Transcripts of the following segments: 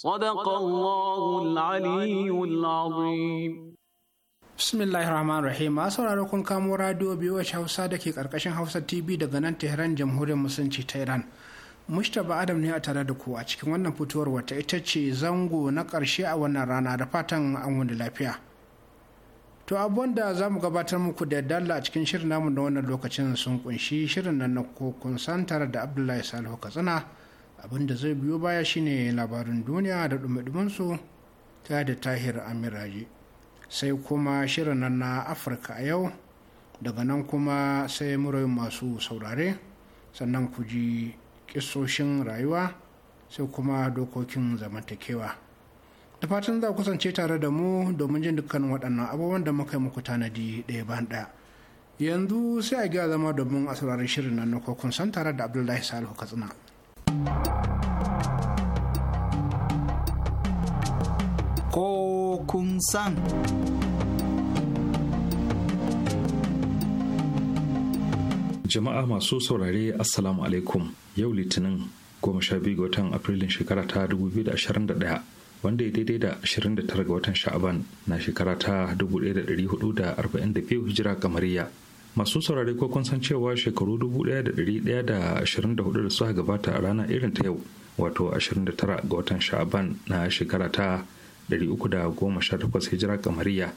صدق الله العلي العظيم bismillahir rahmanir rahim a sauraro kun kamo radio biyu hausa da ke karkashin hausa tv daga nan tehran jamhuriyar musulunci ta iran Mustapha Adam ne a tare da ku a cikin wannan fitowar wata ita ce zango na ƙarshe a wannan rana da fatan an wani lafiya. To abubuwan da za mu gabatar muku da dalla a cikin shirin namu da wannan lokacin sun kunshi shirin nan na kokun tare da Abdullahi Salihu Katsina abin da zai biyo baya shine labarin duniya da su ta da tahir amiraji sai kuma shirin nan na afirka a yau daga nan kuma sai murai masu saurare sannan ku ji kisoshin rayuwa sai kuma dokokin zamantakewa da fatan za kusance tare da mu domin jin dukkan waɗannan abubuwan da muka yi muku tanadi ɗaya ban ɗaya yanzu sai a gya zama domin a saurari shirin nan na kokun san tare da abdullahi salihu katsina Ko kun san. Jama'a masu saurare Assalamu alaikum yau Litinin goma sha biyu ga watan Afrilun shekara ta 2021. wanda ya daidai da 29 ga watan sha'aban na shekara ta 1442 hijira kamariya masu saurare ko kun san cewa shekaru 1124 da suka gabata a rana irin ta yau wato 29 ga watan sha'aban na shekara ta 318 hijira kamariya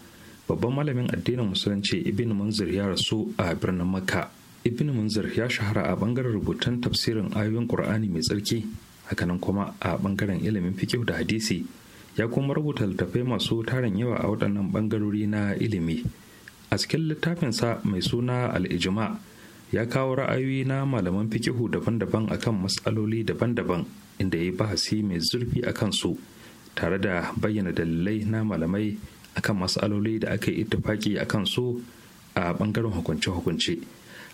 babban malamin addinin musulunci ibn munzir ya rasu a birnin makka ibn munzir ya shahara a bangaren rubutun tafsirin ayoyin qur'ani mai tsarki hakanan kuma a bangaren ilimin fikihu da hadisi ya kuma rubuta littattafai masu tarin yawa a waɗannan bangarori na ilimi a cikin littafinsa mai suna al'ijima ya kawo ra'ayoyi na malaman fikihu daban-daban akan matsaloli daban-daban inda ya yi bahasi mai zurfi a kansu tare da bayyana dalilai na malamai kan matsaloli da aka yi ittifaki a kansu a ɓangaren hukunce-hukunce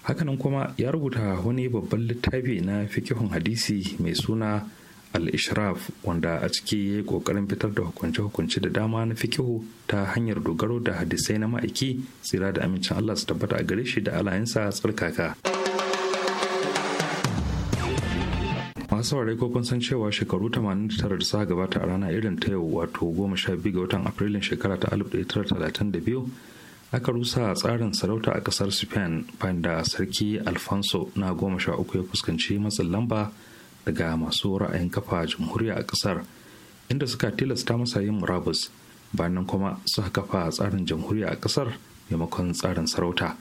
hakanan kuma ya rubuta wani babban littafi na fikihun hadisi mai suna al-ishraf wanda a ciki ya yi kokarin fitar da hukunce-hukunce da dama na fikihu ta hanyar dogaro da hadisai na ma'aiki tsira da amincin allah su tabbata a gare shi da alayensa tsarkaka masu saurari ko kun san cewa shekaru 89 da suka gabata a rana irin ta yau wato 12 ga watan afrilun shekara ta 1932 aka rusa tsarin sarauta a kasar spain bayan da sarki alfonso na 13 ya fuskanci matsin lamba daga masu ra'ayin kafa jamhuriya a kasar inda suka tilasta masa yin murabus bayan kuma suka kafa tsarin jamhuriya a kasar maimakon tsarin sarauta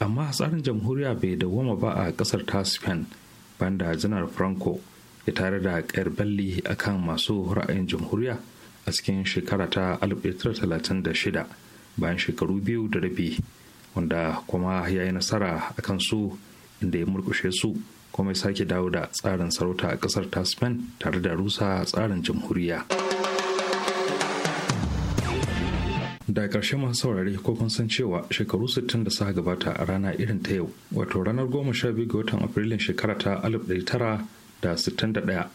amma tsarin jamhuriya bai dawwama ba a kasar ta spain da janar franco ya tare da ƙayar belli akan masu ra'ayin jamhuriya a cikin shekara ta 1936 bayan shekaru biyu da rabi wanda kuma ya yi nasara a kan su inda ya murkushe su kuma sake dawo da tsarin sarauta a kasar ta spain tare da rusa tsarin jamhuriya da ƙarshe masu saurari ko kun san cewa shekaru 60 da suka gabata a rana irin ta yau wato ranar 12 ga watan afrilun shekara ta 1961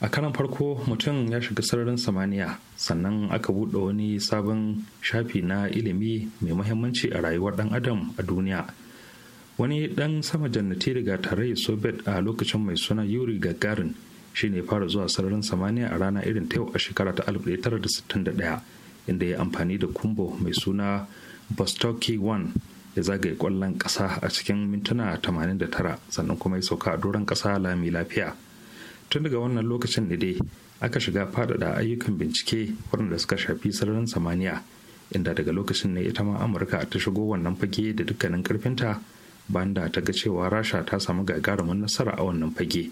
a karan farko mutum ya shiga sararin samaniya sannan aka buɗe wani sabon shafi na ilimi mai mahimmanci a rayuwar ɗan adam a duniya wani dan sama jannati daga tarayyar soviet a lokacin mai suna yuri gagarin shi ne fara zuwa sararin samaniya a rana irin ta yau a shekara ta 1961 inda ya amfani da kumbo mai suna bostoki 1 ya zagaye kwallon kasa a cikin mintuna 89 sannan kuma ya sauka a doron kasa lami lafiya tun daga wannan lokacin ne dai aka shiga faɗaɗa ayyukan bincike waɗanda suka shafi sararin samaniya inda daga lokacin ne ita ma amurka ta shigo wannan fage da dukkanin karfinta. banda ta ga cewa rasha ta samu gagarumin nasara a wannan fage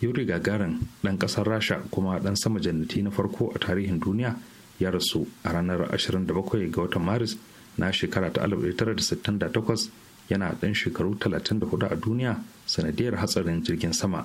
yuri gagarin ɗan ƙasar rasha kuma ɗan sama jannati na farko a tarihin duniya ya rasu a ranar 27 ga watan maris na shekara ta 1968 yana ɗan shekaru 34 a duniya sanadiyar hatsarin jirgin sama.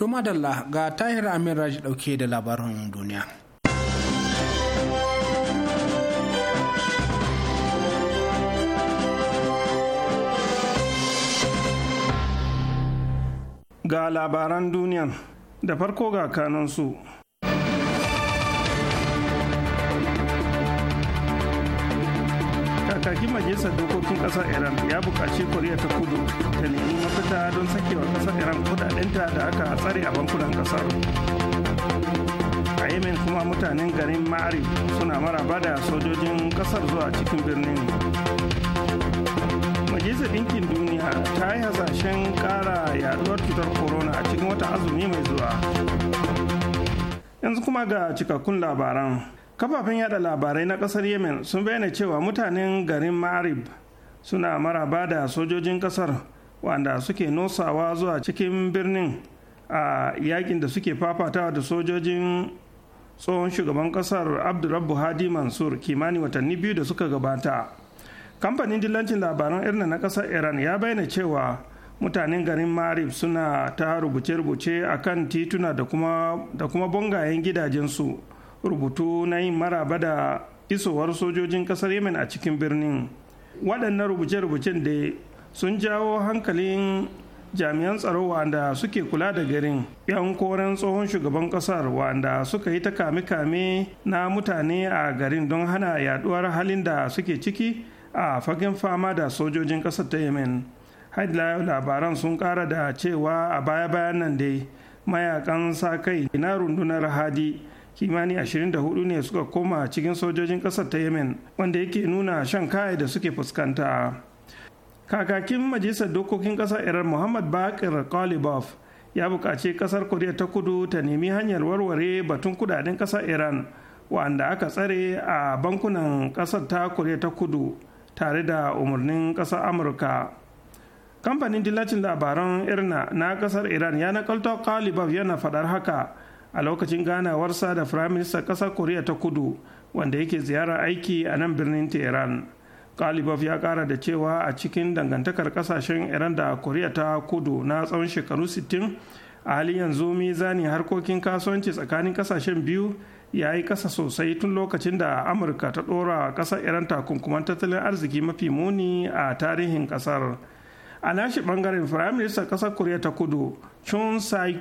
To madalla ga Tahir Amin Raji dauke da labarin duniya. Ga labaran duniyan da farko ga kanansu. kakakin majalisar dokokin kasar iran ya buƙaci koriya ta kudu ta nemi mafita don sakewa kasar iran kudadenta da aka tsare a bankunan kasar a yemen kuma mutanen garin ma'ari suna maraba da sojojin kasar zuwa cikin birnin majalisar ɗinkin duniya ta yi hasashen ƙara yaduwar cutar corona a cikin wata azumi mai zuwa yanzu kuma ga cikakkun labaran kafafen yada labarai na kasar yemen sun bayyana cewa mutanen garin ma'arib suna maraba da sojojin kasar wanda suke nosawa zuwa cikin birnin a yakin da suke fafatawa da sojojin tsohon shugaban kasar abdurrabbu hadi mansur kimanin watanni biyu da suka gabata kamfanin dillancin labaran irna na kasar iran ya bayyana cewa mutanen garin marib suna ta rubuce-rubuce a kan tituna da kuma, da kuma bangayen gidajensu rubutu na yin maraba da isowar sojojin kasar yemen a cikin birnin waɗannan rubuce-rubucen da sun jawo hankalin jami'an tsaro wanda suke kula da garin yan koren tsohon shugaban kasar wanda suka yi ta kame-kame na mutane a garin don hana yaduwar halin da suke ciki a fagen fama da sojojin kasar ta yemen yau labaran sun kara da cewa a baya-bayan nan dai mayakan sa kai na rundunar hadi kimani 24 ne suka koma cikin sojojin kasar ta yemen wanda yake nuna shan kaya da suke fuskanta kakakin majalisar dokokin ƙasar iran muhammad bakir kalibov ya buƙaci ƙasar koriya ta kudu ta nemi hanyar warware batun kudaden ƙasar iran wanda aka tsare a bankunan ƙasar ta koriya ta kudu tare da umarnin ƙasar amurka kamfanin dillacin labaran irna na ƙasar iran ya nakalto kalibov yana faɗar haka a lokacin ganawarsa da firaministan ƙasar koriya ta kudu wanda yake ziyara aiki a nan birnin tehran kalibov ya kara da cewa a cikin dangantakar kasashen iran da koriya ta kudu na tsawon shekaru 60 a halin yanzu zani harkokin kasuwanci tsakanin kasashen biyu ya yi kasa sosai tun lokacin da amurka ta dora ƙasar iran takunkuman tattalin arziki mafi muni a tarihin kasar a nashi ɓangaren firaministan ƙasar koriya ta kudu chun sai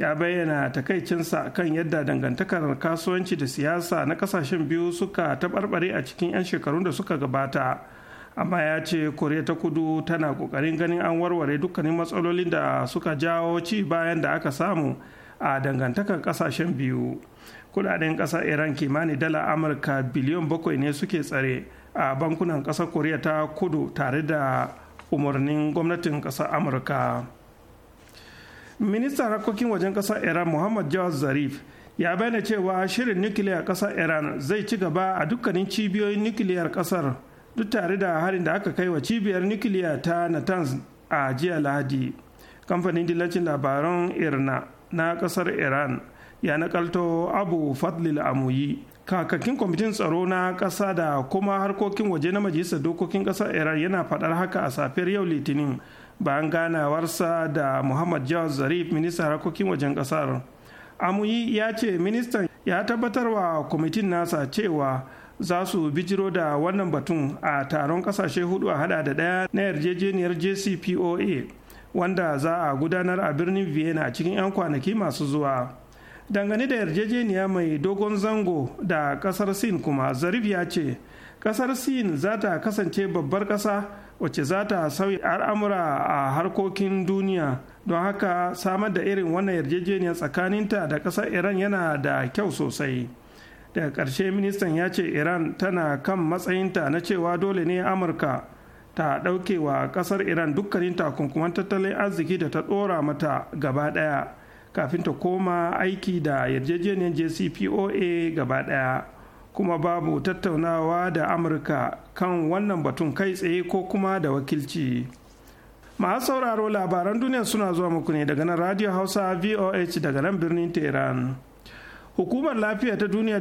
ya bayyana takaicinsa kan yadda dangantakar kasuwanci da siyasa na kasashen biyu suka taɓarɓare a cikin 'yan shekarun da suka gabata amma ya ce koriya ta kudu tana kokarin ganin an warware dukkanin matsalolin da suka jawo ci bayan da aka samu a dangantakar kasashen biyu kudaden ƙasar iran kimanin dala amurka biliyon bakwai ne suke tsare a bankunan ƙasar koriya ta kudu tare da umarnin gwamnatin ƙasar amurka. ministan harkokin wajen ƙasar iran muhammad jawad zarif ya bayyana cewa shirin nukiliya ƙasar iran zai ci gaba a dukkanin cibiyoyin nukiliyar ƙasar duk tare da harin da aka kai wa cibiyar nukiliya ta natanz a jiya lahadi kamfanin dillacin labaran irna na ƙasar iran ya nakalto abu fadlil amuyi kakakin kwamitin tsaro na ƙasa da kuma harkokin waje na majalisar dokokin ƙasar iran yana faɗar haka a safiyar yau litinin bayan ganawarsa da muhammad jawar zarif ministan harkokin wajen kasar amuyi ya ce ministan ya tabbatar wa kwamitin nasa cewa za su bijiro da wannan batun a taron kasashe hudu a hada da daya na yarjejeniyar jcpoa wanda za a gudanar a birnin vienna cikin 'yan kwanaki masu zuwa dangane da yarjejeniya mai dogon zango da kasar sin kuma zarif ya ce kasar sin za ta kasance babbar kasa wacce za ta sauya al'amura a harkokin duniya don haka samar da irin wannan yarjejeniyar tsakaninta da ƙasar iran yana da kyau sosai daga karshe ministan ya ce iran tana kan matsayinta na cewa dole ne amurka ta ɗauke wa ƙasar iran dukkanin takunkuman tattalin arziki da ta ɗora mata gaba ɗaya kafin ta koma aiki da yarjejeniyar jcpoa gaba ɗaya kuma babu tattaunawa da amurka kan wannan batun kai tsaye ko kuma da wakilci masu sauraro labaran duniya suna zuwa muku ne daga nan radio hausa voh daga nan birnin tehran hukumar lafiya ta duniya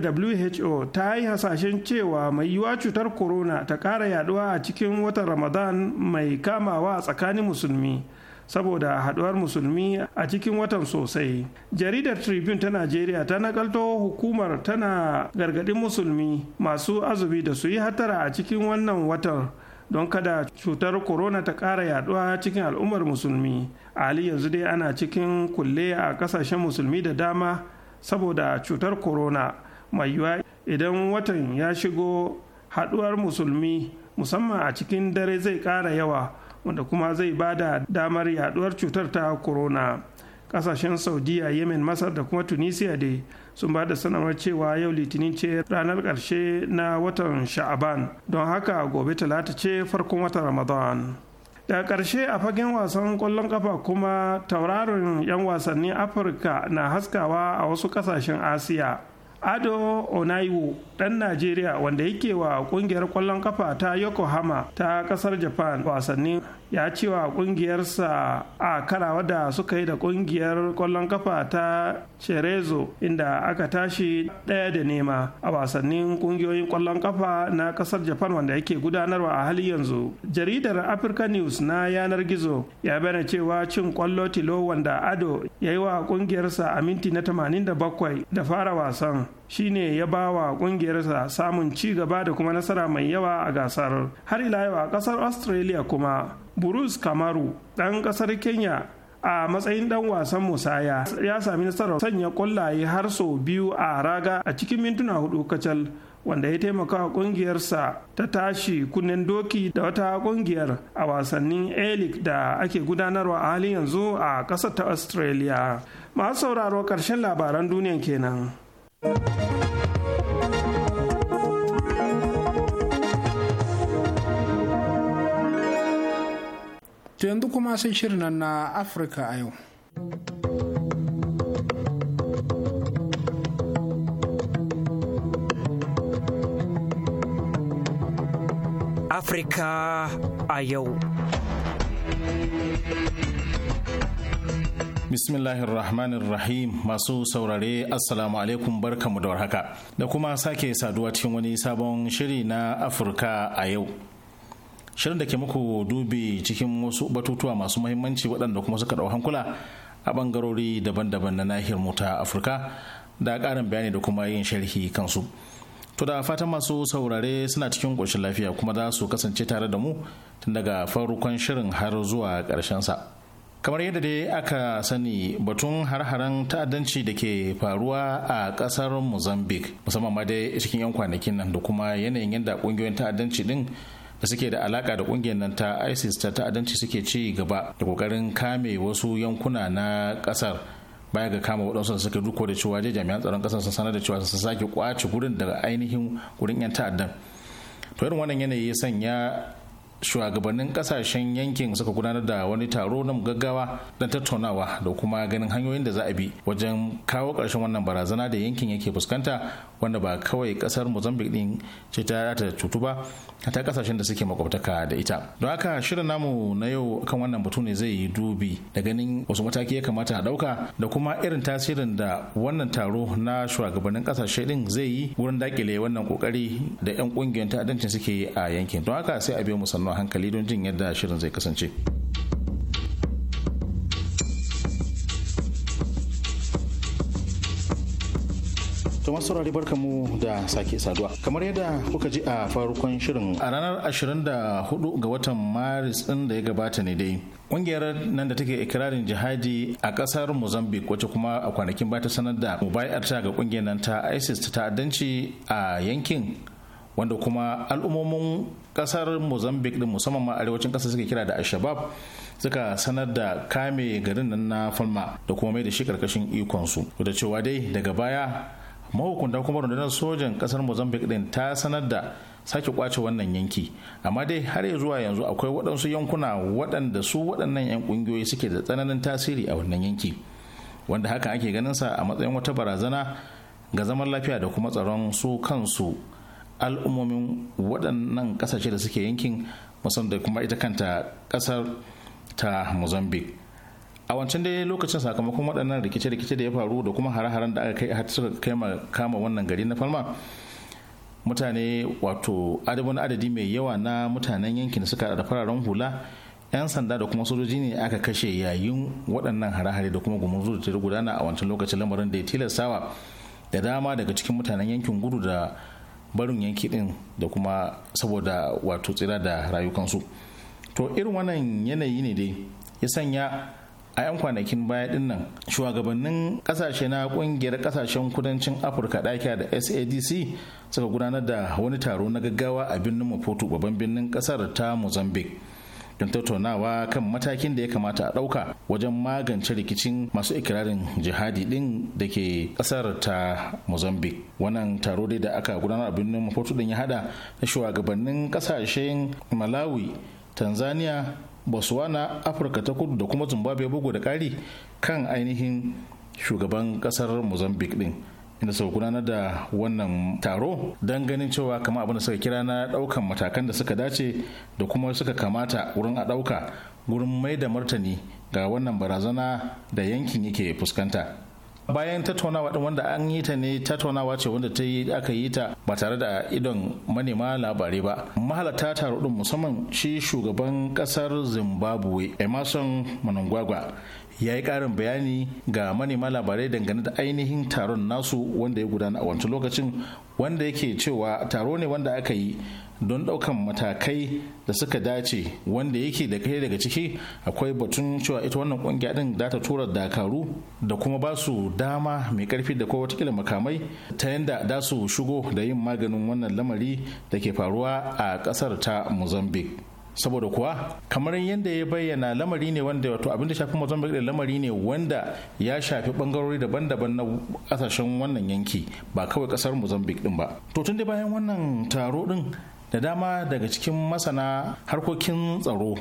who ta yi hasashen cewa mai yiwuwa cutar corona ta ƙara yaduwa a cikin watan ramadan mai kamawa a tsakanin musulmi saboda haduwar musulmi a cikin watan sosai jaridar tribune ta najeriya ta nakalto hukumar tana gargadin musulmi masu azumi da su yi hatara a cikin wannan watan don kada cutar corona ta ƙara yaduwa cikin al'ummar musulmi ali yanzu dai ana cikin kulle a kasashen musulmi da dama saboda cutar corona mai yiwuwa idan watan ya shigo haduwar musulmi musamman a cikin dare zai ƙara yawa wanda kuma zai ba da damar yaduwar cutar ta corona kasashen saudiya yemen masar da kuma tunisia dai sun ba da sanarwar cewa yau litinin ce ranar ƙarshe na watan sha'aban don haka gobe talata ce farkon watan ramadan da ƙarshe a fagen wasan ƙwallon ƙafa kuma tauraron 'yan wasannin afirka na haskawa a wasu ƙasashen asiya ado onaiwo Dan najeriya wanda yake wa kungiyar kwallon kafa ta yokohama ta kasar japan wasannin ya ce wa ƙungiyarsa a karawa da suka yi da ƙungiyar kwallon kafa ta cherezo inda aka tashi ɗaya da nema a wasannin ƙungiyoyin ƙwallon kafa na kasar japan wanda yake gudanarwa a hali yanzu jaridar africa news na yanar gizo ya bayyana cewa cin ƙwallo tilo wanda ado ya yi wa ƙungiyarsa a minti na 87 da fara wasan shine ya ba wa kungiyarsa samun ci gaba da kuma nasara mai yawa a gasar har ila yau a kasar australia kuma Bruce kamaru dan kasar kenya a matsayin dan wasan musaya ya sami nasarar sanya kwallaye har sau biyu a raga a cikin mintuna hudu kacal wanda ya taimaka wa kungiyarsa ta tashi kunnen doki da wata kungiyar a wasannin elik da ake gudanarwa a halin yanzu a ƙasar ta australia masu sauraro karshen labaran duniya kenan. To yanzu kuma sai shirin na Afirka a yau. Afirka a yau. bismillahirrahmanirrahim masu saurare assalamu alaikum barkamu da warhaka da kuma sake saduwa cikin wani sabon shiri na afirka a yau shirin da ke muku dubi cikin wasu batutuwa masu muhimmanci waɗanda kuma suka ɗau hankula a ɓangarori daban-daban na nahiyar mu ta afirka da ƙarin bayani da kuma yin sharhi kansu to da fatan masu saurare suna cikin ƙoshin lafiya kuma za su kasance tare da mu tun daga farkon shirin har zuwa ƙarshen sa kamar yadda dai aka sani batun har-haren ta'addanci da ke faruwa a kasar mozambique musamman ma dai cikin 'yan kwanakin nan da kuma yanayin yadda kungiyoyin ta'addanci din da suke da alaka da kungiyar nan ta isis ta ta'addanci suke ci gaba da kokarin kame wasu yankuna na kasar baya ga kama waɗansu da suka duko da cewa jami'an tsaron kasar sun sanar da cewa sun sake kwace gurin daga ainihin wurin 'yan ta'addan to irin wannan yanayi ya sanya shugabannin kasashen yankin suka gudanar da wani taro na gaggawa don tattaunawa da kuma ganin hanyoyin da za a bi wajen kawo ƙarshen wannan barazana da yankin yake fuskanta wanda ba kawai kasar mozambique din ce ta da cutu ba ta kasashen da suke makwabtaka da ita don haka shirin namu na yau kan wannan batu ne zai yi dubi da ganin wasu mataki ya kamata a ɗauka da kuma irin tasirin da wannan taro na shugabannin kasashe din zai yi wurin dakile wannan kokari da 'yan kungiyar ta'addancin suke yi a yankin don haka sai a biyo musamman a hankali don jin yadda shirin zai kasance. To saurari barka mu da sake saduwa. Kamar yadda kuka ji a farkon shirin a ranar 24 ga watan Maris ɗin da ya gabata ne dai. Ƙungiyar nan da take ikirarin jihadi a ƙasar Mozambique wacce kuma a kwanakin ba ta sanar da mubayar ta ga ƙungiyar nan ta ISIS ta ta'addanci a yankin wanda kuma al'ummomin kasar mozambique din musamman ma arewacin kasar suke kira da al suka sanar da kame garin nan na falma da kuma mai da shi karkashin ikonsu da cewa dai daga baya mahukunta kuma rundunar sojan kasar mozambique din ta sanar da sake kwace wannan yanki amma dai har ya zuwa yanzu akwai waɗansu yankuna waɗanda su waɗannan 'yan ƙungiyoyi suke da tsananin tasiri a wannan yanki wanda haka ake ganin sa a matsayin wata barazana ga zaman lafiya da kuma tsaron su kansu al'ummomin waɗannan ƙasashe da suke yankin musamman da kuma ita kanta ƙasar ta mozambique a wancan dai lokacin sakamakon waɗannan rikice-rikice da ya faru da kuma hare-haren da aka kai har suka kai ma kama wannan gari na falma mutane wato adabin adadi mai yawa na mutanen yankin suka da fararen hula 'yan sanda da kuma sojoji ne aka kashe yayin waɗannan hare-hare da kuma gumurzu da ta gudana a wancan lokacin lamarin da ya tilastawa da dama daga cikin mutanen yankin gudu da barin yanki din da kuma saboda wato tsira da rayukansu to irin wannan yanayi ne dai ya sanya a 'yan kwanakin baya din nan shugabannin kasashe na kungiyar kasashen kudancin afirka dakiya da sadc suka gudanar da wani taro na gaggawa a birnin maputo babban birnin kasar ta mozambique don tattaunawa kan matakin da ya kamata a ɗauka wajen magance rikicin masu ikirarin jihadi ɗin da ke ƙasar ta Mozambique. Wannan taro dai da aka gudanar a birnin Maputo ɗin ya haɗa na shugabannin ƙasashen Malawi, Tanzania, Botswana, Afirka ta kudu da kuma Zimbabwe bugu da ƙari kan ainihin shugaban ƙasar Mozambique ɗin. inda suka gudanar da wannan taro don ganin cewa kama abin da suka kira na daukan matakan da suka dace da kuma suka kamata wurin a dauka wurin mai da martani ga wannan barazana da yankin yake fuskanta bayan tattaunawa din wanda an yi ta ne tattaunawa ce wanda ta yi aka yi ta ba tare da idon manema labarai ba mahalarta taro din musamman shi shugaban kasar zimbabwe emerson manangwagwa ya yi ƙarin bayani ga manema labarai dangane da ainihin taron nasu wanda ya gudana a wancan lokacin wanda yake cewa taro ne wanda aka yi don ɗaukan matakai da suka dace wanda yake da kai daga ciki akwai batun cewa ita wannan kungiya din za ta tura dakaru da kuma ba su dama mai karfi da kowa watakila makamai ta yadda za su shigo da yin maganin wannan lamari da ke faruwa a ƙasar ta mozambique saboda kuwa kamar yadda ya bayyana lamari ne wanda wato abin da shafi mozambique da lamari ne wanda ya shafi bangarori daban-daban na kasashen wannan yanki ba kawai kasar mozambique din ba to tun da bayan wannan taro din da dama daga cikin masana harkokin tsaro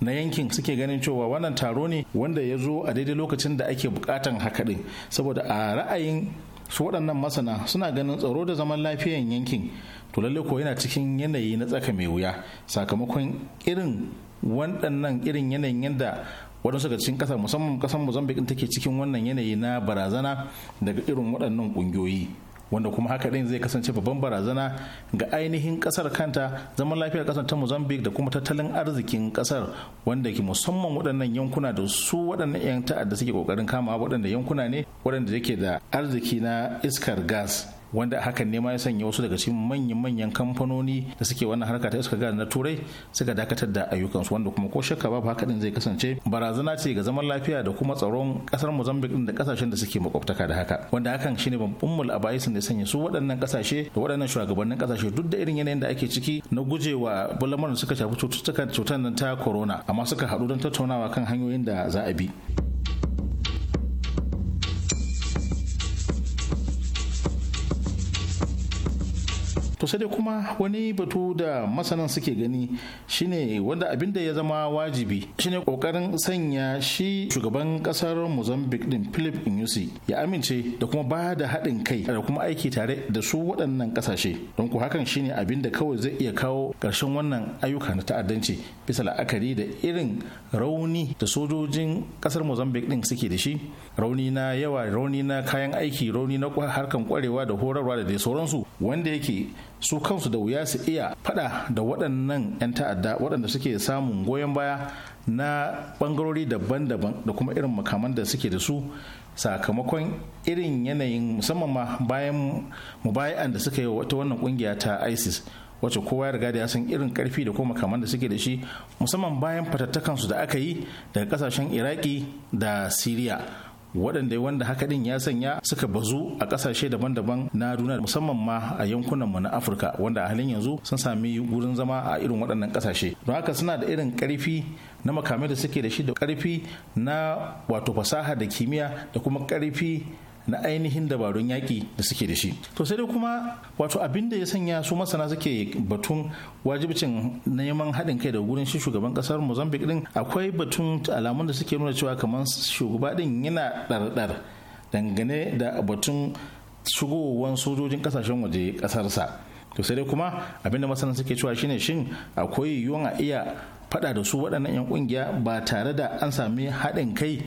na yankin suke ganin cewa wannan taro ne wanda ya zo a daidai lokacin da ake bukatan haka din saboda a ra'ayin su waɗannan masana suna ganin tsaro da zaman lafiyan yankin to lalle ko yana cikin yanayi na tsaka mai wuya sakamakon irin waɗannan irin yanayin yadda waɗansu ga cikin ƙasar musamman ƙasar mozambique take cikin wannan yanayi na barazana daga irin waɗannan ƙungiyoyi wanda kuma haka ɗin zai kasance babban barazana ga ainihin ƙasar kanta zaman lafiyar ƙasar ta mozambique da kuma tattalin arzikin ƙasar wanda ke musamman waɗannan yankuna da su waɗannan 'yan ta'adda suke ƙoƙarin kama waɗanda yankuna ne waɗanda yake da arziki na iskar gas wanda hakan ne ma ya sanya wasu daga cikin manyan manyan kamfanoni da suke wannan harka ta iska gas na turai suka dakatar da ayyukansu wanda kuma ko shakka babu haka din zai kasance barazana ce ga zaman lafiya da kuma tsaron kasar Mozambique din da kasashen da suke makwabtaka da haka wanda hakan shine babban mul abaisin da sanya su waɗannan kasashe da waɗannan shugabannin kasashe duk da irin yanayin da ake ciki na gujewa da suka shafi cututtukan cutar nan ta corona amma suka haɗu don tattaunawa kan hanyoyin da za a bi. to sai dai kuma wani batu da masanan suke gani shine wanda abin da ya zama wajibi shine kokarin sanya shi shugaban kasar mozambique din philip inyusi ya amince da kuma ba da haɗin kai da kuma aiki tare da su waɗannan ƙasashe don ku hakan shine abin da kawai zai iya kawo ƙarshen wannan ayyuka na ta'addanci bisa la'akari da irin rauni da sojojin ƙasar mozambique din suke da shi rauni na yawa rauni na kayan aiki rauni na harkan kwarewa da horarwa da dai sauransu wanda yake su kansu da wuya su iya fada da waɗannan 'yan ta'adda waɗanda suke samun goyon baya na ɓangarori daban-daban da kuma irin makaman da suke da su sakamakon irin yanayin musamman ma bayan mubayan da suka yi wata wannan kungiya ta isis wacce kowa ya riga da ya san irin karfi da kuma makaman da suke da shi musamman bayan fatattakansu da aka yi daga kasashen iraki da siriya waɗanda wanda haka din ya sanya suka bazu a ƙasashe daban-daban na duniya musamman ma a yankunan mu na Afirka wanda a halin yanzu sun sami gurin zama a irin waɗannan ƙasashe don haka suna da irin ƙarfi na makamai da suke da shi da ƙarfi na wato fasaha da kimiyya da kuma ƙarfi na ainihin dabarun yaƙi da suke da shi to sai dai kuma wato abin da ya sanya su masana suke batun wajibcin neman haɗin kai da gurin shi shugaban ƙasar mozambique din akwai batun alamun da suke nuna cewa kamar shugaba din yana ɗarɗar dangane da batun shigowar sojojin ƙasashen waje ƙasarsa to sai dai kuma abin da masana suke cewa shine shin akwai yiwuwan a iya faɗa da su waɗannan 'yan ƙungiya ba tare da an sami haɗin kai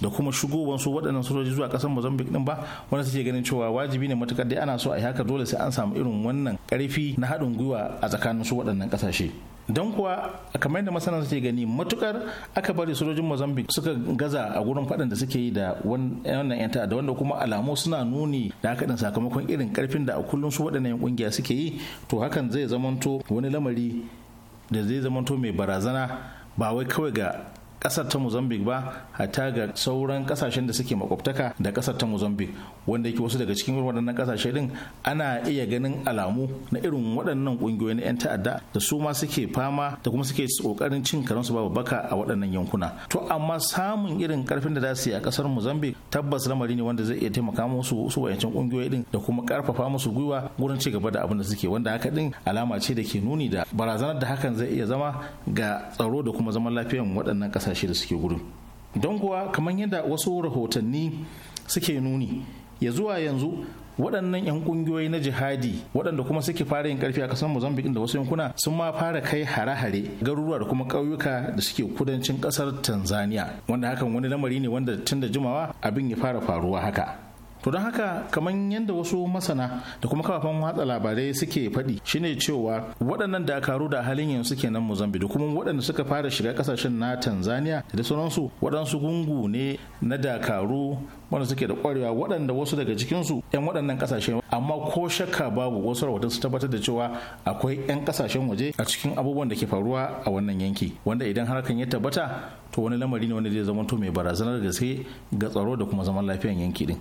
da kuma shigowar su waɗannan sojoji zuwa ƙasar Mozambique din ba wanda suke ganin cewa wajibi ne matukar dai ana so a yi haka dole sai an samu irin wannan ƙarfi na haɗin gwiwa a tsakanin su waɗannan ƙasashe. don kuwa kamar yadda masana suke gani matukar aka bari sojojin mozambique suka gaza a gurin faɗin da suke yi da wannan 'yanta da wanda kuma alamu suna nuni da haka din sakamakon irin ƙarfin da a kullum su waɗannan kungiya suke yi to hakan zai zamanto wani lamari da zai zamanto mai barazana ba wai kawai ga kasar ta mozambique ba hatta ga sauran kasashen da suke makwabtaka da kasar ta mozambique wanda yake wasu daga cikin waɗannan kasashe din ana iya ganin alamu na irin waɗannan ƙungiyoyi na 'yan ta'adda da su ma suke fama da kuma suke ƙoƙarin cin karansu babu baka a waɗannan yankuna to amma samun irin karfin da za su yi a kasar mozambique tabbas lamari ne wanda zai iya taimaka musu su wayancin ƙungiyoyi din da kuma karfafa musu gwiwa wurin ci gaba da abin da suke wanda haka din alama ce da ke nuni da barazanar da hakan zai iya zama ga tsaro da kuma zaman lafiyar waɗannan kasashe matashi da suke gurin don kuwa kamar yadda wasu rahotanni suke nuni ya zuwa yanzu waɗannan 'yan ƙungiyoyi na jihadi waɗanda kuma suke fara yin ƙarfi a ƙasar mozambique da wasu yankuna sun ma fara kai hare-hare garuruwa da kuma ƙauyuka da suke kudancin ƙasar tanzania wanda hakan wani lamari ne wanda tun da jimawa abin ya fara faruwa haka to don haka kamar yadda wasu masana da kuma kafafen watsa labarai suke faɗi shine cewa waɗannan dakaru da halin yanzu suke nan mozambique kuma waɗanda suka fara shiga ƙasashen na tanzania da sauransu waɗansu gungu ne na dakaru wanda suke da ƙwarewa waɗanda wasu daga cikinsu 'yan waɗannan ƙasashen amma ko shakka babu wasu rahoton su tabbatar da cewa akwai 'yan ƙasashen waje a cikin abubuwan da ke faruwa a wannan yanki wanda idan harkan ya tabbata to wani lamari ne wanda zai zama to mai barazanar gaske ga tsaro da kuma zaman lafiyan yanki din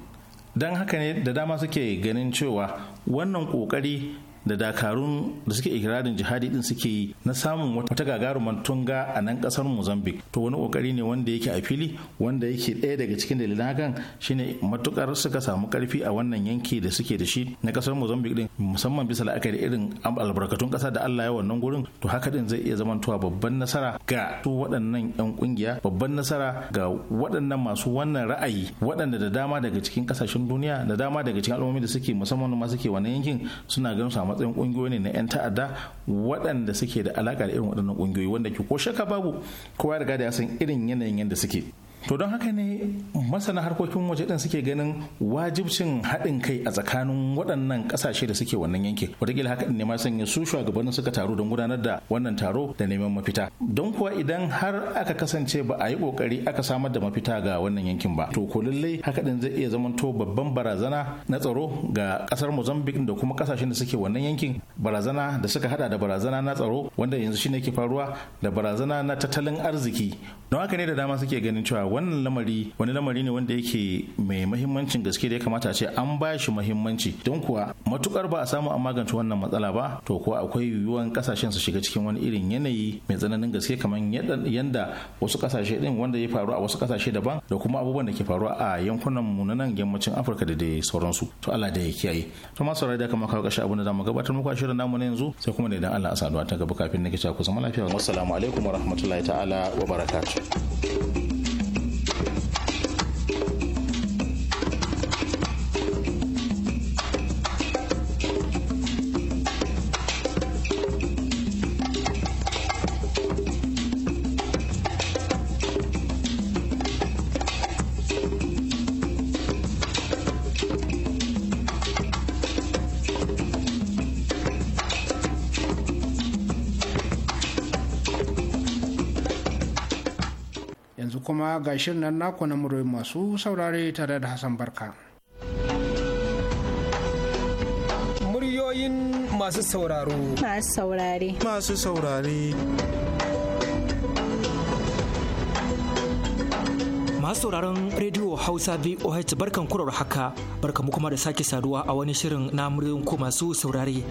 don haka ne da dama suke ganin cewa wannan kokari da dakarun da suke ikirarin jihadi din suke yi na samun wata gagarumar tunga a nan kasar mozambique to wani kokari ne wanda yake a fili wanda yake daya daga cikin dalilan hakan shine matukar suka samu karfi a wannan yanki da suke da shi na kasar mozambique din musamman bisa la'akari irin albarkatun kasa da allah ya wannan gurin to haka din zai iya zamantowa babban nasara ga su waɗannan yan kungiya babban nasara ga waɗannan masu wannan ra'ayi waɗanda da dama daga cikin kasashen duniya da dama daga cikin al'ummomi da suke musamman ma suke wannan yankin suna ganin samu matsayin kungiyoyi ne na 'yan ta'adda waɗanda suke da alaƙa da irin waɗannan kungiyoyi wanda ke ko shaka babu kowa ya riga da ya san irin yanayin yadda suke to don haka ne masana harkokin waje din suke ganin wajibcin haɗin kai a tsakanin waɗannan ƙasashe da suke wannan yankin wataƙila haka ne ma sanya su shugabannin suka taru don gudanar da wannan taro da neman mafita don kuwa idan har aka kasance ba a yi ƙoƙari aka samar da mafita ga wannan yankin ba to ko lallai haka din zai iya zamanto babban barazana na tsaro ga ƙasar Mozambique da kuma ƙasashen da suke wannan yankin barazana da suka hada da barazana na tsaro wanda yanzu shine ke faruwa da barazana na tattalin arziki don haka ne da dama suke ganin cewa wannan lamari wani lamari ne wanda yake mai mahimmancin gaske da ya kamata a ce an ba shi mahimmanci don kuwa matukar ba a samu a magance wannan matsala ba to kuwa akwai yiwuwan kasashen su shiga cikin wani irin yanayi mai tsananin gaske kamar yadda wasu kasashe din wanda ya faru a wasu kasashe daban da kuma abubuwan da ke faru a yankunan mu na nan yammacin Afirka da dai sauransu to Allah da ya kiyaye to masu rai da kamar kawo kashi abin da zamu gabatar muku a shirin namu na yanzu sai kuma da idan Allah a saduwa ta gaba kafin na cewa ku zama lafiya wassalamu alaikum warahmatullahi ta'ala wa barakatuh ga shirin nan na murai masu saurare tare da Hassan Barka. Muryoyin masu sauraro. Masu saurare. Masu saurare. Masu sauraron rediyo Hausa VOH barkan kurar haka barka kuma da sake saduwa a wani shirin na muryoyin ku masu saurare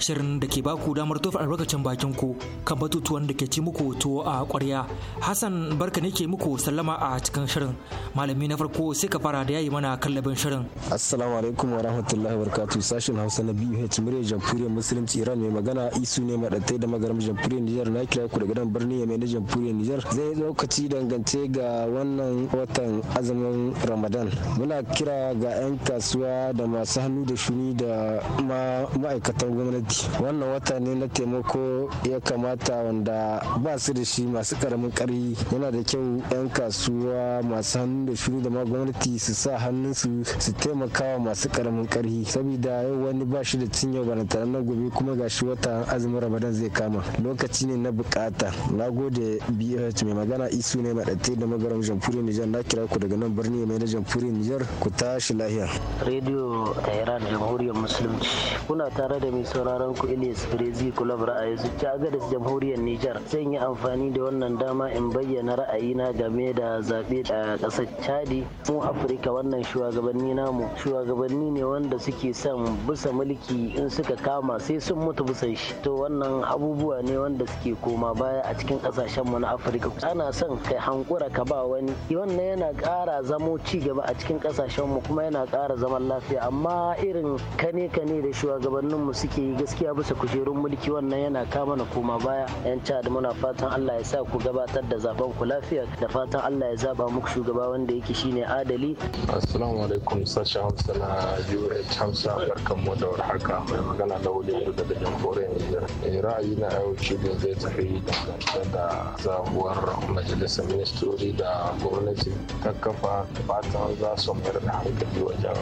shirin da ke baku damar tofa albarkacin bakin ku kan batutuwan da ke ci muku tuwo a kwarya Hassan barka ne ke muku sallama a cikin shirin malami na farko sai ka fara da yayi mana kallabin shirin. Assalamu alaikum wa rahmatullahi wa barakatuh sashen Hausa na VOH murya jamhuriyar musulunci Iran mai magana isu ne madattai da magaram jamhuriyar niger na kira ku daga birnin birni mai na jamhuriyar niger zai lokaci dangance ga wannan watan azumin ramadan muna kira ga 'yan kasuwa da masu hannu da shuni da ma'aikatan gwamnati wannan wata ne na taimako ya kamata wanda ba su da shi masu karamin kari yana da kyau 'yan kasuwa masu hannu da shuni da ma gwamnati su sa hannunsu su taimakawa masu karamin kari saboda yau wani ba shi da cinya ba na gobe kuma ga shi wata azumin ramadan zai kama lokaci ne na bukata na gode bh mai magana isu ne maɗate da magaram jamfuri nijar Nijar na kira ku daga nan birni mai na jamhuriyar Nijar ku tashi lahiya. Radio Tehran Jamhuriyar Musulunci kuna tare da mai sauraron ku Ilyas Brezi a ra'ayi su ci su Jamhuriyar Nijar zan yi amfani da wannan dama in bayyana ra'ayina game da zaɓe a ƙasar Chadi mu Afirka wannan shugabanni namu shugabanni ne wanda suke son bisa mulki in suka kama sai sun mutu bisa shi to wannan abubuwa ne wanda suke koma baya a cikin ƙasashen mu na Afirka ana son kai hankura ka ba wani wannan yana ƙara zamo ci gaba a cikin ƙasashenmu kuma yana kara zaman lafiya amma irin kane kane da shugabanninmu suke yi gaskiya bisa kujerun mulki wannan yana kama na koma baya yan cad muna fatan Allah ya sa ku gabatar da zaben ku lafiya da fatan Allah ya zaba muku shugaba wanda yake shine adali assalamu alaikum sashi hamsa na jure hamsa barkan mu da warhaka mai magana da da da jamhuriyar Nijar eh, ra'ayi na yau ci zai tafi dangance da sabuwar majalisar ministori da gwamnati su kakkafa fatan za su mayar da hankali wajen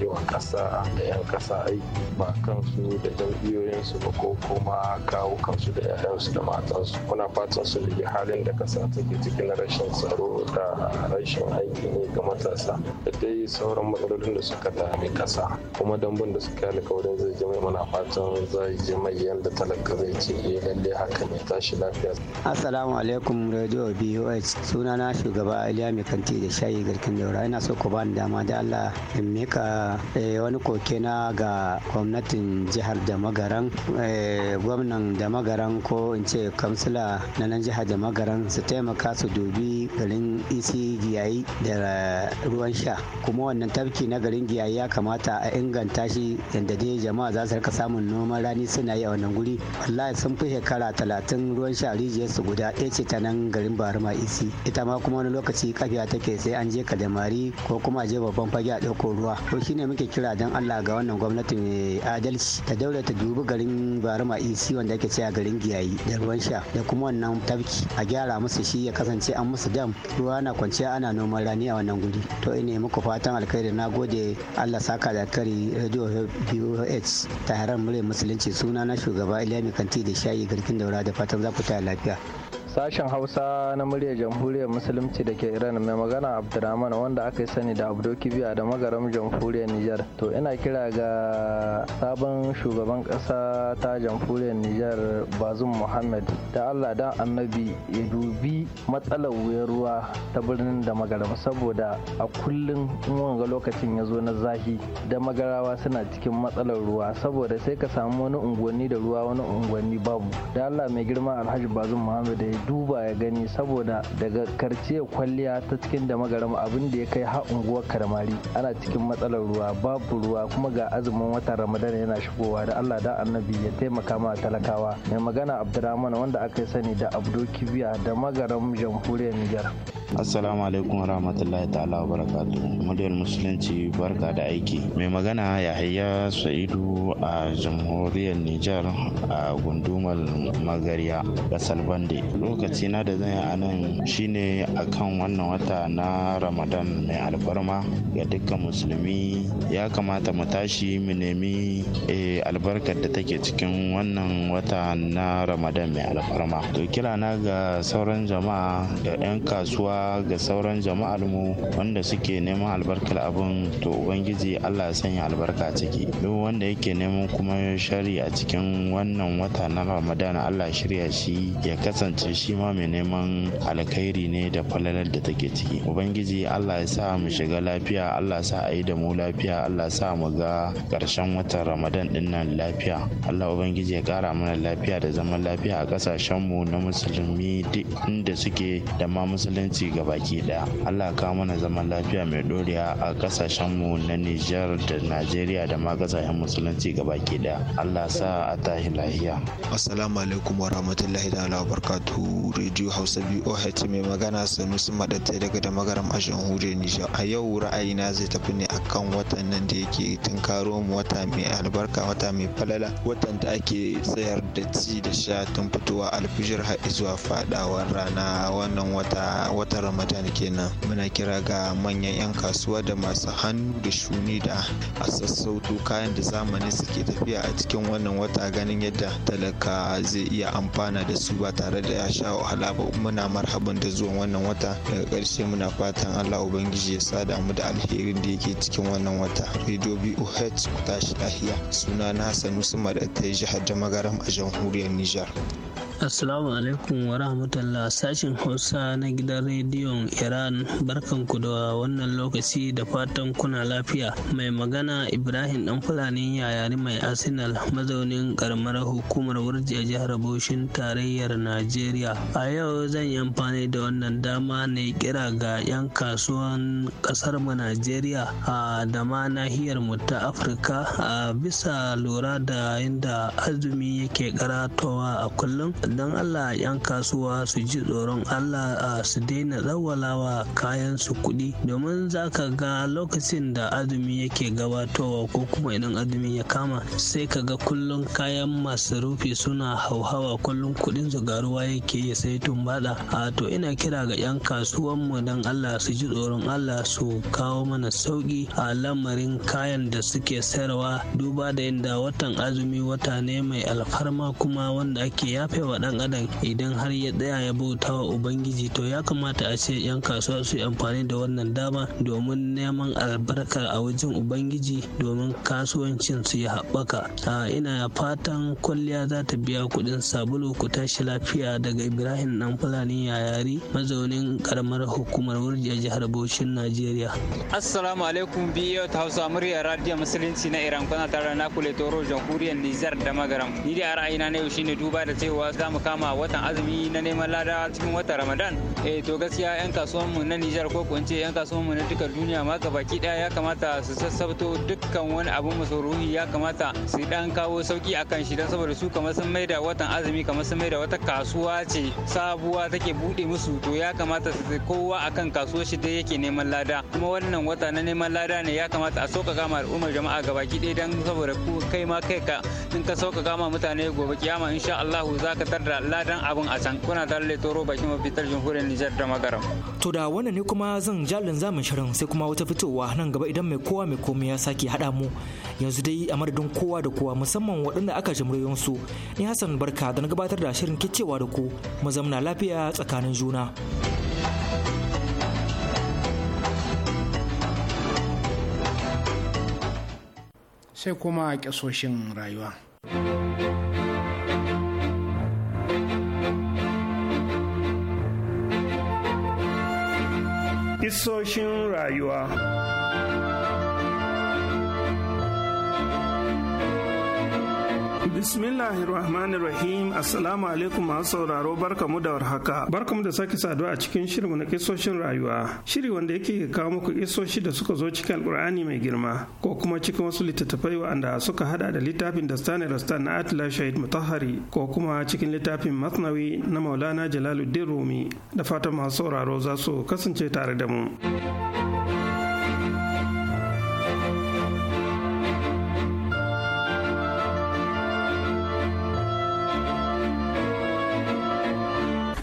yi wa ƙasa da 'yan ƙasa aiki ba kansu da jam'iyyoyinsu ba ko kuma kawo kansu da 'ya'yansu da matansu kuna fatan su da halin da ƙasa take cikin rashin tsaro da rashin aiki ne ga matasa da dai sauran matsalolin da suka dame ƙasa kuma dambun da suka yi alkawarin zai mai mana fatan zai mai yadda talaka zai ce eh lalle haka ne tashi lafiya. Assalamu alaikum Radio BOH sunana shugaba Aliya kanti da shayi garkin daura ina so ku bani dama da Allah in mika eh, wani koke na ga gwamnatin jihar da magaran eh, gwamnan da magaran ko in ce kamsila na nan jihar da magaran su taimaka su dubi garin isi e giyayi da ruwan sha kuma wannan tafki na garin giyayi ya kamata a inganta shi yadda dai jama'a za su rika samun noman rani suna yi a wannan guri wallahi sun fi shekara talatin ruwan sha rijiyar su guda ɗaya ce ta nan garin baruma isi e ita ma kuma wani lokaci kafin. tafiya take sai an je kadamari ko kuma je babban fage a ɗauko ruwa to shine muke kira don allah ga wannan gwamnati mai adalci ta daure ta dubi garin baruma isi wanda ake ce a garin giyayi da ruwan sha da kuma wannan tafki a gyara musu shi ya kasance an musu dam ruwa na kwanciya ana noman rani a wannan guri to ina muku fatan alkhairi na gode allah saka da kari radio boh ta haram musulunci suna na shugaba ilyami kanti da shayi garkin daura da fatan za ku ta lafiya Sashen Hausa na muryar Jamhuriyar Musulunci da ke Iran mai magana Abdurrahman wanda aka yi sani da Abdo Kibiya da magaram Jamhuriyar Nijar. To ina kira ga sabon shugaban kasa ta Jamhuriyar Nijar Bazum Muhammad da Allah dan Annabi ya dubi matsalar wuyar ruwa ta birnin da magaram saboda a kullum in wanga lokacin ya zo na zahi da magarawa suna cikin matsalar ruwa saboda sai ka samu wani unguwanni da ruwa wani unguwanni babu. Da Allah mai girma Alhaji Bazum Muhammad da ya duba ya gani saboda daga karciya kwalliya ta cikin da magaram abin da ya kai har unguwar karmari ana cikin matsalar ruwa babu ruwa kuma ga azumin watan ramadan yana shigowa da allah da annabi ya taimaka ma talakawa mai magana abdurrahman wanda aka yi sani da abdo kibiya da magaram jamhuriyar niger assalamu alaikum warahmatullahi ta'ala barakatu muryar musulunci barka da aiki mai magana yahaya sa'idu a jamhuriyar niger a gundumar magariya kasar bande lokaci na da zan yi a nan shine akan wannan wata na ramadan mai alfarma ga dukkan musulmi ya kamata mu tashi mu nemi eh, albarkar da take cikin wannan wata na ramadan mai alfarma to kira na ga sauran jama'a da 'yan kasuwa ga sauran jama'ar mu wanda suke neman albarkar abin to ubangiji allah sanya albarka ciki duk wanda yake neman kuma shari a cikin wannan wata na ramadan allah shirya shi ya kasance shi ma mai neman alkhairi ne da falalar da take ciki ubangiji allah ya sa mu shiga lafiya allah sa a yi da mu lafiya allah sa mu ga ƙarshen watan ramadan din nan lafiya allah ubangiji ya ƙara mana lafiya da zaman lafiya a mu na musulmi duk inda suke da ma musulunci baki ɗaya allah ka mana zaman lafiya mai ɗorewa a mu na nijar da najeriya da ma ƙasashen musulunci baki ɗaya allah sa a tahi lahiya assalamu alaikum wa rahmatullahi ta'ala wa barakatuhu radio hausa boh mai magana sanusi maɗatai daga da magaram a jamhuriyar nijar a yau ra'ayi na zai tafi ne akan watan nan da yake tunkaro mu wata mai albarka wata mai falala watan da ake tsayar da ci da sha tun fitowa alfijir har zuwa fadawar rana wannan wata watan ramadan kenan muna kira ga manyan 'yan kasuwa da masu hannu da shuni da a sassauto kayan da zamani suke tafiya a cikin wannan wata ganin yadda talaka zai iya amfana da su ba tare da ya sha wahala ba muna marhaban da zuwan wannan wata daga karshe muna fatan allah ubangiji ya sa damu da alherin da yake cikin wannan wata radio boh ku tashi lahiya suna na hassan usman da jihar jamagaram a jamhuriyar nijar Assalamu alaikum wa rahmatullah sashen Hausa na gidan rediyon Iran barkanku da wannan lokaci da fatan kuna lafiya. Mai magana Ibrahim dan Fulani yayari mai Arsenal mazaunin karamar hukumar wurji a jihar Bauchin tarayyar Najeriya. A yau zan yi amfani da wannan dama ne kira ga 'yan kasuwan kasar mu Najeriya a da ma nahiyar mu ta Afirka a bisa lura da inda azumi yake karatowa a kullum don allah 'yan kasuwa su ji tsoron allah a su daina tsawalawa kayan su kuɗi domin za ka ga lokacin da azumi yake gabatowa ko kuma idan azumi ya kama sai ka ga kullum kayan masarufi suna hauhawa kullum kuɗin su garuwa yake ya sai tumbaɗa a to ina kira ga 'yan kasuwan mu don allah su ji tsoron allah su kawo mana sauki a lamarin kayan da suke sayarwa duba da yadda watan azumi wata ne mai alfarma kuma wanda ake yafewa wa ɗan adam idan har ya tsaya ya bauta wa ubangiji to ya kamata a ce 'yan kasuwa su yi amfani da wannan dama domin neman albarka a wajen ubangiji domin kasuwancin su ya haɓaka ina fatan kwalliya za ta biya kuɗin sabulu ku tashi lafiya daga ibrahim ɗan fulani yayari mazaunin karamar hukumar wurji a jihar bauchin najeriya assalamu alaikum biyo ta hausa murya radio musulunci na iran kuna tare na kule toro jamhuriyar nizar da magaram ni da ra'ayina na yau shine duba da cewa za mu kama watan azumi na neman lada cikin watan ramadan eh to gaskiya yan kasuwan mu na Nijar ko ce yan kasuwan mu na duka duniya ma gabaki daya ya kamata su sassabto dukkan wani abu masaruhi ya kamata su dan kawo sauki akan shi dan saboda su kamar sun maida watan azumi kamar sun maida wata kasuwa ce sabuwa take bude musu to ya kamata su kowa akan kasuwar shi dai yake neman lada kuma wannan wata na neman lada ne ya kamata a sauƙaƙa ma al'ummar jama'a gabaki ɗaya dan saboda ku kai ma kai ka in ka sauƙaƙa ma mutane gobe kiyama insha Allah za ka tarda ladan abun a can kuna tare da toro bakin mafitar jamhuriyar da Magaram. To da wannan ne kuma zan jalin zamun shirin sai kuma wata fitowa nan gaba idan mai kowa mai komai ya sake haɗa mu yanzu dai a madadin kowa da kowa musamman waɗanda aka jimriyon su ni Hassan Barka da na gabatar da shirin kicewa da ku mu zamna lafiya tsakanin juna. Sai kuma kisoshin rayuwa. hissoshin rayuwa. Bismillahirrahmanirrahim Assalamu alaikum masu sauraro barka barkamu da warhaka. barka mu da sake saduwa a cikin shirinmu na kisoshin rayuwa. Shiri wanda yake kawo muku kisoshi da suka zo cikin Alkur'ani mai girma ko kuma cikin wasu littattafai wanda suka hada da littafin Dastani e Rastan na Atla Shahid Mutahhari ko kuma cikin littafin Masnawi na Maulana Jalaluddin Rumi da fatan masu sauraro za su kasance tare da mu.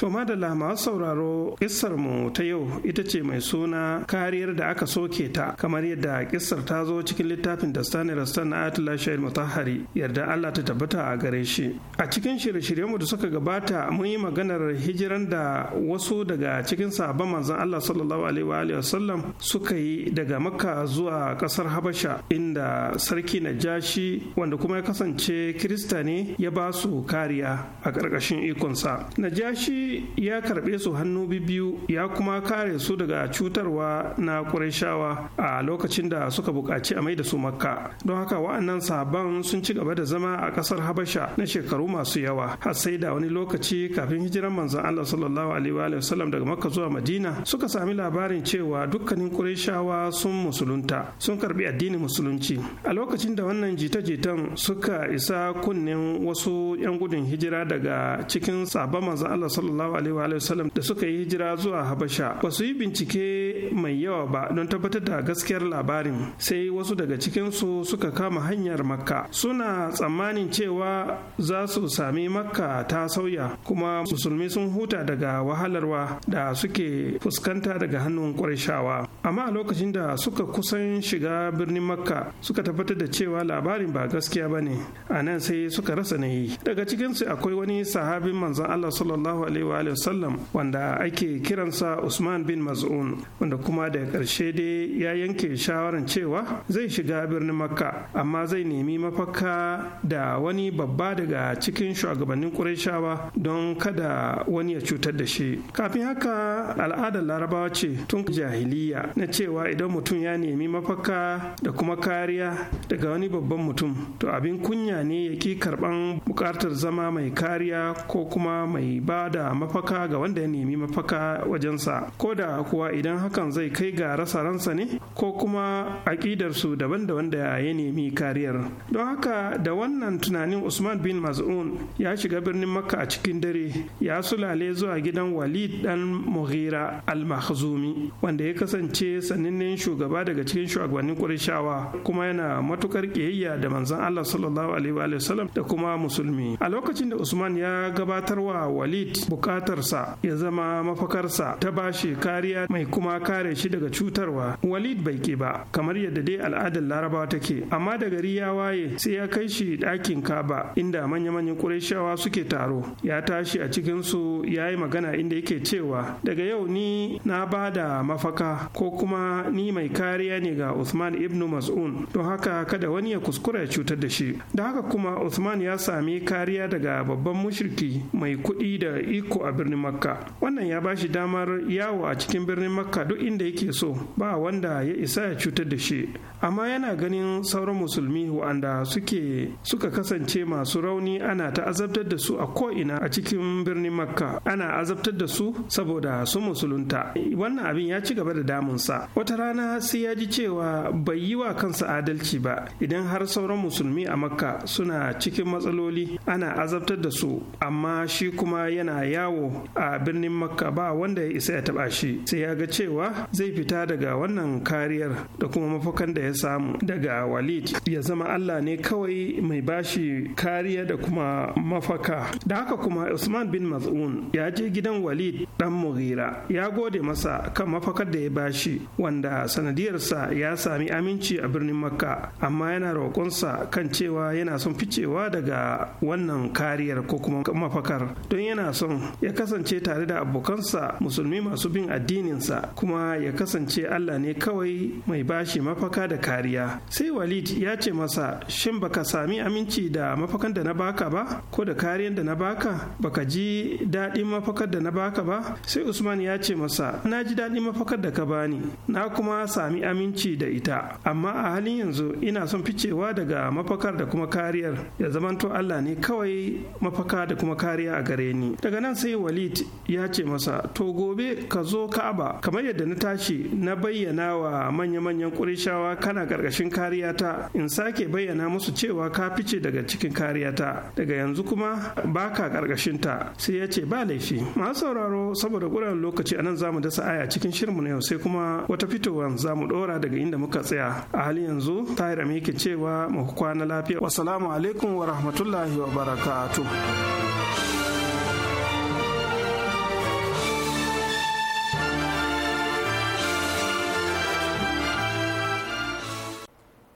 To madalla masu sauraro kissar mu ta yau ita ce mai suna kariyar da aka soke ta kamar yadda kissar ta zo cikin littafin da stanley Rastan na Atila Shahid Mutahari yarda Allah ta tabbata a gare shi. A cikin shirye-shiryen mu da suka gabata mun yi maganar hijiran da wasu daga cikin sahabban manzon Allah sallallahu alaihi wa alihi suka yi daga Makka zuwa kasar Habasha inda sarki Najashi wanda kuma ya kasance Kirista ne ya ba su kariya a ƙarƙashin ikonsa. Najashi ya karbe su hannu biyu ya kuma kare su daga cutarwa na ƙurashawa a lokacin da suka buƙaci a mai da su makka don haka wa'annan sahabban sun ci gaba da zama a ƙasar habasha na shekaru masu yawa har sai da wani lokaci kafin hijiran manzon allah sallallahu alaihi wa sallam daga makka zuwa madina suka sami labarin cewa dukkanin ƙurashawa sun musulunta sun karɓi addinin musulunci a lokacin da wannan jita-jitan suka isa kunnen wasu 'yan gudun hijira daga cikin sabon manzon allah sallallahu sallallahu alaihi wa sallam da suka yi hijira zuwa habasha ba su yi bincike mai yawa ba don tabbatar da gaskiyar labarin sai wasu daga cikinsu suka kama hanyar makka suna tsammanin cewa za su sami makka ta sauya kuma musulmi sun huta daga wahalarwa da suke fuskanta daga hannun ƙwarshawa amma a lokacin da suka kusan shiga birnin makka suka tabbatar da cewa labarin ba gaskiya ba ne a nan sai suka rasa na yi daga cikinsu akwai wani sahabin manzon allah sallallahu alaihi wa sallam wanda ake kiransa Usman bin Maz'un wanda kuma da karshe dai ya yanke shawaran cewa zai shiga birnin Makka amma zai nemi mafaka da wani babba daga cikin shugabannin Qurayshawa don kada wani ya cutar da shi kafin haka al'adar Larabawa ce tun jahiliya na cewa idan mutum ya nemi mafaka da kuma kariya daga wani babban mutum to abin kunya ne ya ki karban bukatar zama mai kariya ko kuma mai ba da mafaka ga wanda ya nemi mafaka wajensa ko da kuwa idan hakan zai kai ga rasa ransa ne ko kuma su daban da wanda ya nemi kariyar don haka da wannan tunanin usman bin mas'un ya shiga birnin makka a cikin dare ya sulale zuwa gidan walid dan mughira al-mahzumi wanda ya kasance sanannen shugaba daga cikin shugabannin qurayshawa kuma yana matukar kiyayya da manzon Allah sallallahu alaihi wa sallam da kuma musulmi a lokacin da usman ya gabatar wa walid bukatarsa ya zama mafakarsa ta bashi kariya mai kuma kare shi daga cutarwa walid bai ke ba kamar yadda dai al'adar larabawa take amma da gari ya waye sai ya kai shi ɗakin kaba inda manya-manyan ƙurashawa suke taro ya tashi a cikinsu ya yi magana inda yake cewa daga yau ni na ba da mafaka ko kuma ni mai kariya ne ga usman ibn mas'un don haka kada wani ya kuskura ya cutar da shi da haka kuma usman ya sami kariya daga babban mushirki mai kuɗi da iko iko a birnin makka wannan ya bashi damar yawo a cikin birnin makka duk inda yake so ba wanda ya isa ya cutar da shi amma yana ganin sauran musulmi waɗanda suke suka kasance masu rauni ana ta azabtar da su a ko'ina a cikin birnin makka ana azabtar da su saboda su musulunta wannan abin ya ci gaba da damunsa wata rana sai ya ji cewa bai yi wa kansa adalci ba idan har sauran musulmi a makka suna cikin matsaloli ana azabtar da su amma shi kuma yana yawo a birnin makka ba wanda ya isa ya taba shi sai ya ga cewa zai fita daga wannan kariyar da kuma mafakan da ya samu daga walid ya zama allah ne kawai mai bashi kariya da kuma mafaka da haka kuma usman bin maz'un ya je gidan walid dan mughira ya gode masa kan mafakar da ya bashi wanda sanadiyarsa ya sami aminci a birnin makka amma yana roƙonsa kan cewa yana son ficewa daga wannan kariyar ko kuma mafakar don yana son ya kasance tare da abokansa musulmi masu bin addininsa kuma ya kasance allah ne kawai mai bashi mafaka da kariya sai walid ya ce masa shin baka sami aminci da mafakan da na baka ba ko da kariyar da na baka baka ji daɗin mafakar da na baka ba sai usman ya ce masa na ji daɗin mafakar da ka bani na kuma sami aminci da ita amma a halin yanzu ina son ficewa daga mafakar da kuma kariyar ya zamanto allah ne kawai mafaka da kuma kariya a gare ni daga nan sai walid ya ce masa to gobe ka zo ka'aba kamar yadda na tashi na bayyana wa manya-manyan ƙurishawa kan kana karkashin kariyata in sake bayyana musu cewa ka fice daga cikin kariyata daga yanzu kuma baka karkashin ta sai ya ce ba laifi masu sauraro saboda guran lokaci anan zamu dasa aya cikin shirmu na yau sai kuma wata fitowar zamu dora daga inda muka tsaya a halin yanzu yi ke cewa muku kwana lafiya wasalamu alaikum wa rahmatullahi wa barakatuh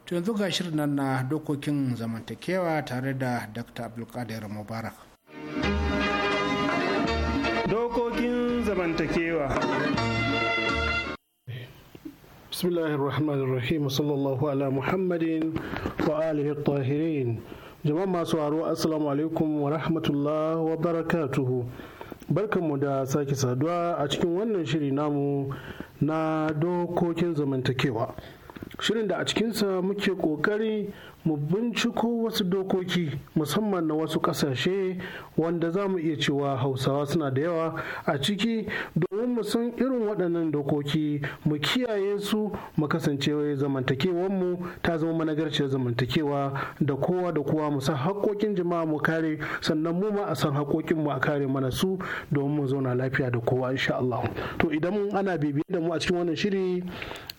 to yanzu ga shirin nan na dokokin zamantakewa tare da dr abdulkadir mubarak dokokin zamantakewa bismillahir rahmanir rahim sallallahu ala muhammadin wa alihi tahirin jama'a masu haro assalamu alaikum wa rahmatullah wa barakatuhu barkanmu da sake saduwa a cikin wannan shiri namu na dokokin zamantakewa shirin da a cikinsa muke ƙoƙari mu binciko wasu dokoki musamman na wasu ƙasashe wanda za mu iya cewa hausawa suna da yawa a ciki domin mu san irin waɗannan dokoki mu kiyaye su mu kasance zamantakewanmu ta zama managarciyar zamantakewa da kowa da kowa mu san haƙoƙin jama'a mu kare sannan mu ma a san haƙoƙin mu a kare mana su domin mu zauna lafiya da kowa insha to idan ana bibiye da mu a cikin wannan shiri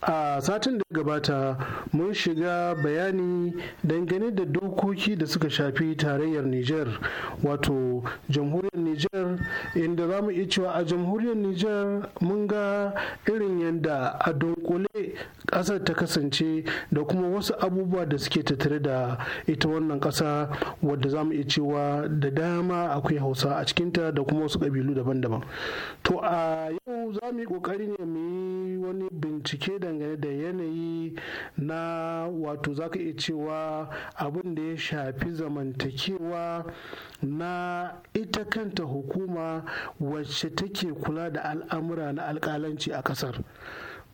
a satin da gabata gabata mun shiga bayani dangane da dokoki da suka shafi tarayyar Nijar wato jamhuriyar Nijar inda za mu cewa a jamhuriyar Nijar mun ga irin yadda a dunkule ƙasar ta kasance da kuma wasu abubuwa da suke tattare da ita wannan ƙasa wadda za mu cewa da dama akwai hausa a cikinta da kuma wasu ƙabilu daban-daban to a yau za mu yi ƙoƙari ne mu yi wani bincike dangane da yanayi na wato za ka iya cewa abin da ya shafi zamantakewa na ita kanta hukuma wacce take kula da al'amura na alkalanci a kasar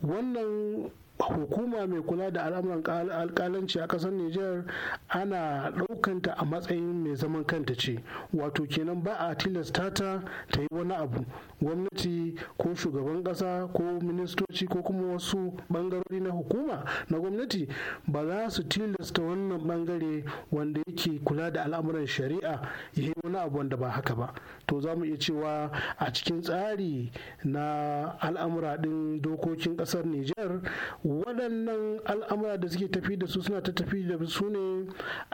wannan hukuma mai kula da al'amuran alkalanci a ƙasar Nijar ana ɗaukanta a matsayin mai zaman kanta ce wato kenan ba a tilasta ta ta yi wani abu gwamnati ko shugaban ƙasa ko ministoci ko kuma wasu bangarori na hukuma na gwamnati ba za su tilasta wannan bangare wanda yake kula da al'amuran shari'a ya yi wani abu wanda ba haka ba to za mu iya cewa a cikin tsari na al'amura ɗin dokokin ƙasar Nijar waɗannan al'amura da suke tafi da su suna ta tafi da su ne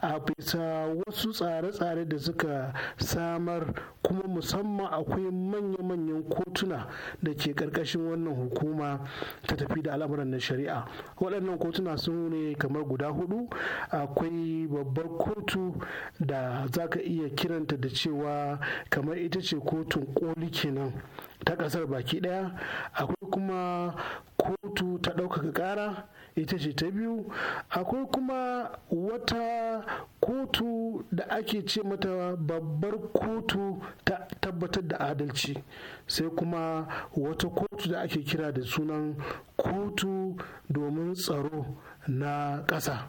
a bisa wasu tsare-tsare da suka samar kuma musamman akwai manya-manyan kotuna da ke ƙarƙashin wannan hukuma ta tafi da al'amuran na shari'a waɗannan kotuna sun ne kamar guda hudu akwai babbar kotu da za ka iya kiranta da cewa kamar ita ce kotun koli kenan ta kasar baki daya akwai kuma kotu ta ɗaukaka ƙara ita ce ta biyu akwai kuma wata kotu da ake ce mata babbar kotu ta tabbatar da adalci sai kuma wata kotu da ake kira da sunan kotu domin tsaro na ƙasa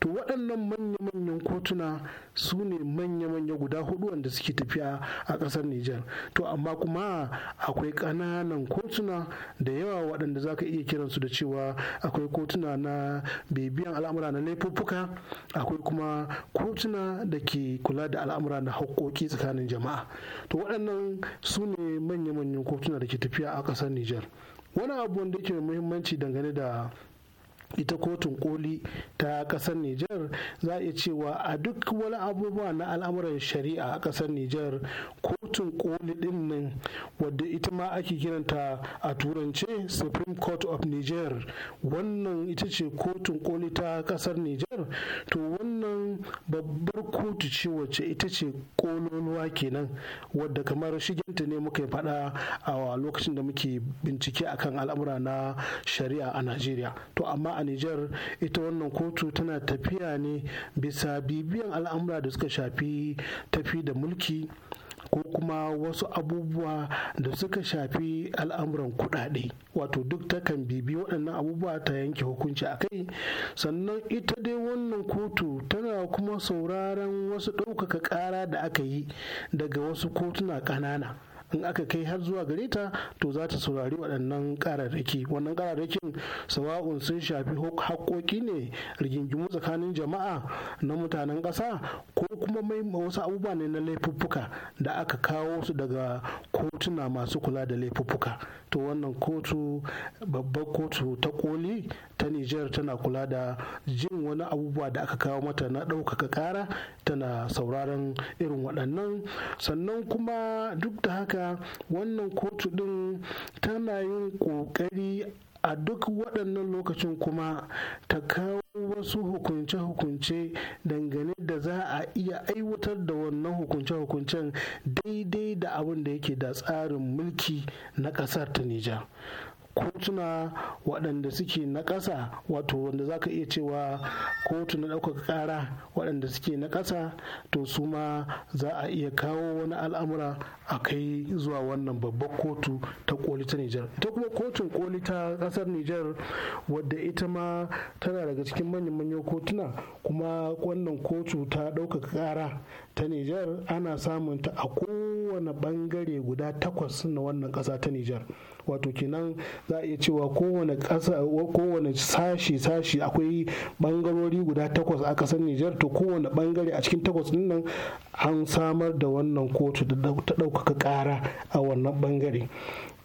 to waɗannan manya-manyan kotuna su ne manya-manya guda hudu wanda suke tafiya a ƙasar Nijar to amma kuma akwai ƙananan kotuna da yawa waɗanda za ka iya kiransu da cewa akwai kotuna na bibiyan al'amura na laifuffuka akwai kuma kotuna da ke kula da al'amura na haƙoƙi tsakanin jama'a to waɗannan su ne manya-manyan kotuna da ke tafiya a ƙasar Nijar wani abu wanda yake muhimmanci dangane da ita kotun koli ta kasar Nijar za a iya cewa a duk wani abubuwa na al'amuran shari'a a kasar Nijar ko kotun koli din nan wadda ita ma ake kiranta a turance supreme court of niger wannan ita ce kotun koli ta kasar niger to wannan babbar kotu ce wacce ita ce kololuwa kenan wadda kamar shigenta ne muka faɗa a lokacin da muke bincike akan al'amura na shari'a a najeriya to amma a niger ita wannan kotu tana tafiya ne bisa bibiyan al'amura da suka shafi tafi da mulki ko kuma wasu abubuwa da suka shafi al'amuran kuɗaɗe wato duk takan bibi waɗannan abubuwa ta yanke hukunci a kai sannan ita dai wannan kotu tana kuma sauraron wasu ɗaukaka ƙara da aka yi daga wasu kotuna ƙanana in aka kai har zuwa gare ta to za ta saurari waɗannan ƙararraki wannan ƙararrakin sawa'un sun shafi haƙƙoƙi ne rigingimu tsakanin jama'a na mutanen ƙasa ko kuma mai wasu abubuwa ne na laifuffuka da aka kawo su daga kotuna masu kula da laifuffuka to wannan kotu babbar kotu ta koli ta niger tana kula da jin wani abubuwa da aka kawo mata na ɗaukaka ƙara tana sauraron irin waɗannan sannan kuma duk da haka wannan kotu ɗin tana yin ƙoƙari a duk waɗannan lokacin kuma ta kawo wasu hukunce-hukunce dangane da za a iya aiwatar da wannan hukunce-hukuncen daidai da abin da yake da tsarin mulki na ƙasar ta Nijar. kotuna waɗanda suke na ƙasa wato wanda za ka iya cewa kotu na ɗaukaka ƙara waɗanda suke na ƙasa to su ma za a iya kawo wani al'amura a kai zuwa wannan babbar kotu ta ƙoli ta Nijar. Ita kuma kotun ƙoli ta ƙasar Nijar wadda ita ma tana daga cikin manyan manyan kotuna kuma wannan kotu ta ɗaukaka ƙara ta Nijar ana samun ta a kowane bangare guda takwas na wannan ƙasa ta Nijar. Wato kenan za a iya cewa kowane kowane sashi sashi akwai bangarori guda takwas a ƙasar Nijar to kowane bangare a cikin takwas nan an samar da wannan kotu ta ɗaukaka ƙara a wannan bangare.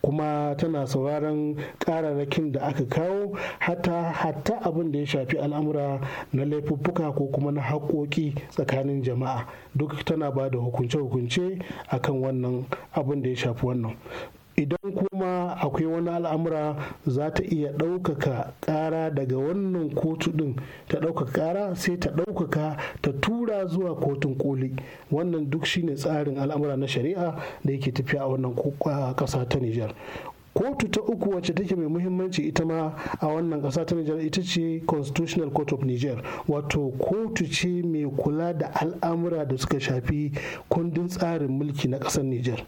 kuma tana sauraron kararrakin da aka kawo hatta hatta abin da ya shafi al'amura na laifuffuka ko kuma na haƙoƙi tsakanin jama'a duk tana ba da hukunce-hukunce akan wannan abin da ya shafi wannan idan kuma akwai wani al'amura za ta iya ɗaukaka ƙara daga wannan kotu ɗin ta ɗaukaka ƙara sai ta ɗaukaka ta tura zuwa kotun koli wannan duk shine tsarin al'amura na shari'a da yake tafiya a wannan ƙasa ta nijar kotu ta uku wacce take mai muhimmanci ita ma a wannan ƙasa ta Nijar ita ce Constitutional Court of Niger wato kotu ce mai kula da al'amura da suka shafi kundin tsarin mulki na ƙasar Nijar.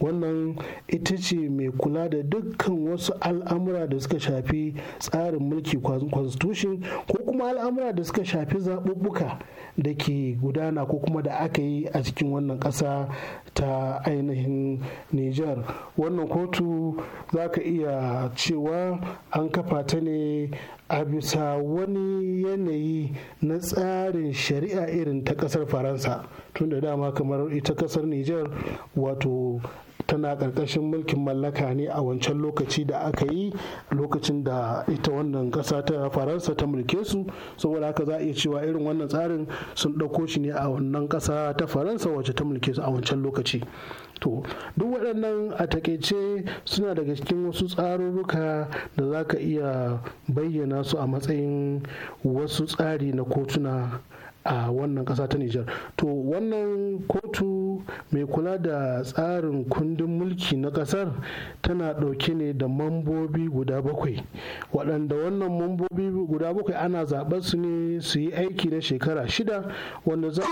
wannan ita ce mai kula da dukkan wasu al'amura da suka shafi tsarin mulki constitution ko kuma al'amura da suka shafi zaɓuɓɓuka da ke gudana ko kuma da aka yi a cikin wannan ƙasa ta ainihin niger wannan kotu za ka iya cewa an kafa ta ne a bisa wani yanayi na tsarin shari'a irin ta ƙasar faransa tun da dama kamar ita ƙasar niger wato tana ƙarƙashin mulkin mallaka ne a wancan lokaci da aka yi lokacin da ita wannan ƙasa ta faransa ta mulke su saboda haka za a iya cewa irin wannan tsarin sun ɗauko shi ne a wannan ƙasa ta faransa wacce ta mulke su a wancan lokaci to duk waɗannan a takaice suna daga cikin wasu tsarurruka da za ka iya bayyana su a matsayin wasu tsari na kotuna a wannan ƙasa ta Nijar. To wannan kotu mai kula da tsarin kundin mulki na ƙasar tana ɗauke ne da mambobi guda bakwai waɗanda wannan mambobi guda bakwai ana zaɓar su ne su yi aiki na shekara shida wanda za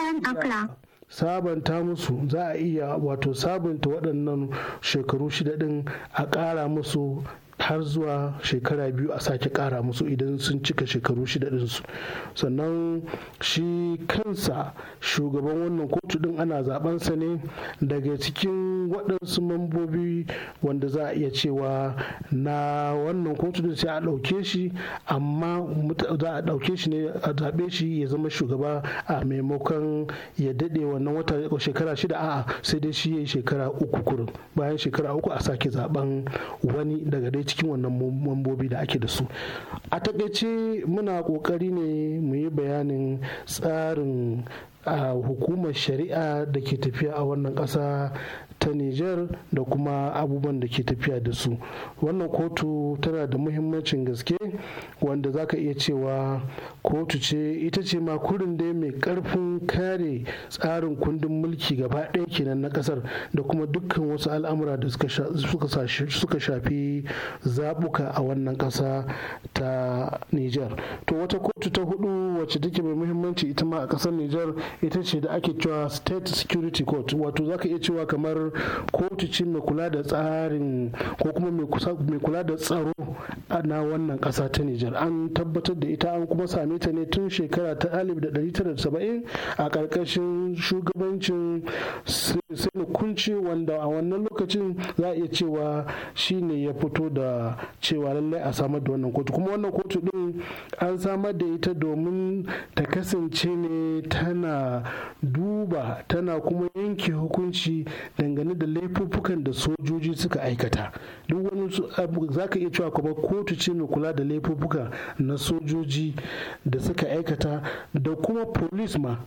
sabanta musu za a iya wato sabunta waɗannan shekaru shida ɗin a ƙara musu har zuwa shekara biyu a sake kara musu idan sun cika shekaru shida su sannan shi kansa shugaban wannan kotu din ana zabansa ne daga cikin waɗansu mambobi wanda za a iya cewa na wannan kotu ɗin sai a ɗauke shi amma za a ɗauke shi ne a zaɓe shi ya zama shugaba a maimakon ya daɗe wannan wata shekara shida a'a sai dai shi ya yi shekara uku kurin bayan shekara uku a sake zaben wani daga dai ɗaya cikin wannan mambobi da ake da su a takaice muna ƙoƙari ne mu yi bayanin tsarin a hukumar shari'a da ke tafiya a wannan ƙasa ta Nijar da kuma abubuwan da ke tafiya da su. Wannan kotu tana da muhimmancin gaske wanda za ka iya cewa kotu ce ita ce ma kurin dai mai ƙarfin kare tsarin kundin mulki gaba ɗaya kenan na ƙasar da kuma dukkan wasu al'amura da suka shafi zaɓuka a wannan ƙasa ta Nijar. To wata kotu ta hudu wacce take mai muhimmanci ita ma a ƙasar Nijar ita ce da ake cewa state security court wato zaka iya cewa kamar kotu ce mai kula da tsarin ko kuma mai kula da tsaro na wannan kasa ta Nijar an tabbatar da ita an kuma same ta ne tun shekara ta 1970 a karkashin shugabancin sai wanda a wannan lokacin za a iya cewa shine ya fito da cewa lallai a samar da wannan kotu kuma wannan kotu din an samar da ita domin ta kasance ne tana duba tana kuma yanke hukunci dangane da laifuffukan da sojoji suka aikata duk wani za ka iya cewa kuma kotu ce mai kula da laifuffuka na sojoji da suka aikata da kuma polis ma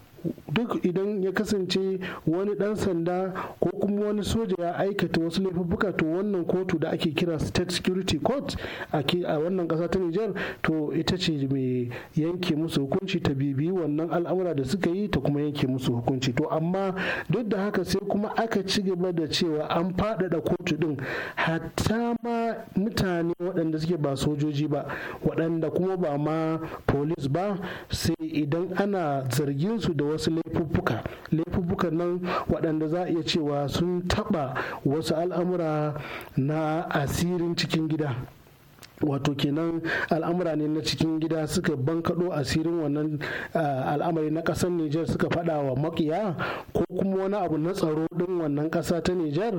duk idan ya kasance wani dan sanda ko kuma wani soja ya aikata wasu laifuka to wannan kotu da ake kira state security court a wannan kasa ta Nijar to ita ce mai yanke musu hukunci ta bibiyi wannan al'amura da suka yi ta kuma yanke musu hukunci to amma duk da haka sai kuma aka ci gaba da cewa an faɗaɗa kotu din hatta ma mutane waɗanda suke ba sojoji ba waɗanda kuma ba ma police ba sai idan ana zargin su da wasu laifuffuka laifuffukan nan waɗanda za a iya cewa sun taɓa wasu al'amura na asirin cikin gida wato kenan al'amura ne na cikin gida suka bankaɗo asirin wannan al'amari na ƙasar Nijar suka faɗa wa makiya ko kuma wani abu na tsaro ɗin wannan ƙasa ta Nijar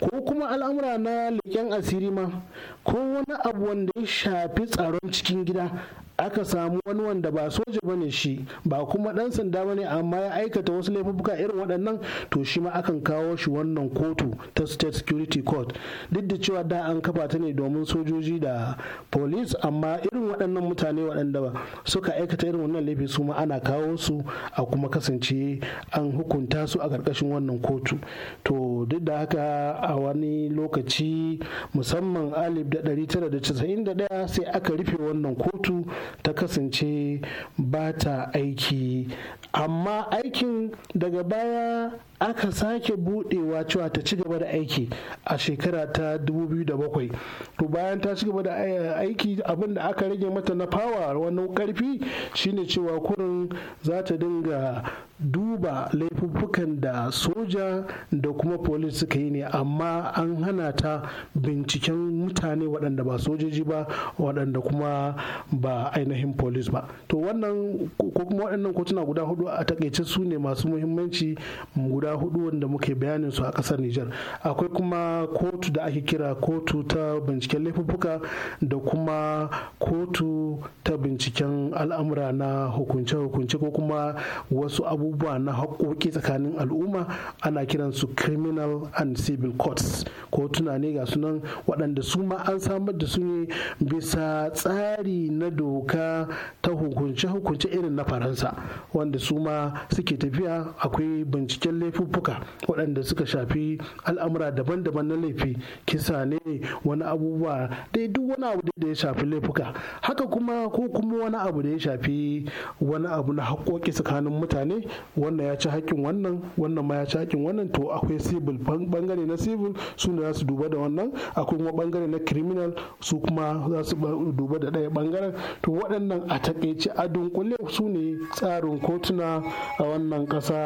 ko kuma al'amura na leƙen asiri ma ko wani abu wanda ya shafi tsaron cikin gida aka samu wani wanda ba soja bane shi ba kuma dan sanda bane amma ya aikata wasu laifuka irin waɗannan to shi ma akan kawo shi wannan kotu ta state security court duk da cewa da an kafa ta ne domin sojoji da police amma irin waɗannan mutane waɗanda ba suka aikata irin wannan laifi su ma ana kawo su a kuma kasance an hukunta su a ƙarƙashin wannan kotu to duk da haka a wani lokaci musamman alib 1991 sai aka rufe wannan kotu ta kasance ba ta aiki amma aikin daga baya aka sake budewa cewa ta ci gaba da aiki a shekara ta 2007 to bayan ta ci gaba da eh, aiki abin da aka rage mata na fawa wani karfi shine cewa kurin za ta dinga duba laifuffukan da soja da kuma polis suka yi ne amma an hana ta binciken mutane waɗanda ba sojoji ba waɗanda kuma ba ainihin polis ba to wannan ko kuma waɗannan kotuna guda hudu a takaice su ne masu muhimmanci guda guda hudu wanda muke bayanin su a kasar Nijar akwai kuma kotu da ake kira kotu ta binciken laifuka da kuma kotu ta binciken al'amura na hukunce-hukunce ko kuma wasu abubuwa na haƙoƙi tsakanin al'umma ana kiransu criminal and civil courts kotuna ne ga sunan waɗanda su ma an samar da su ne bisa tsari na doka ta hukunce-hukunce irin na faransa wanda su ma suke tafiya akwai binciken laifuka laifuffuka waɗanda suka shafi al'amura daban-daban na laifi kisa ne wani abubuwa dai duk wani abu da ya shafi laifuka haka kuma ko kuma wani abu da ya shafi wani abu na haƙoƙi tsakanin mutane wannan ya ci haƙƙin wannan wannan ma ya ci haƙƙin wannan to akwai civil bangare na civil su ne za su duba da wannan akwai kuma bangare na criminal su kuma za su duba da ɗaya bangaren to waɗannan a taƙaice a dunkule su ne tsarin kotuna a wannan ƙasa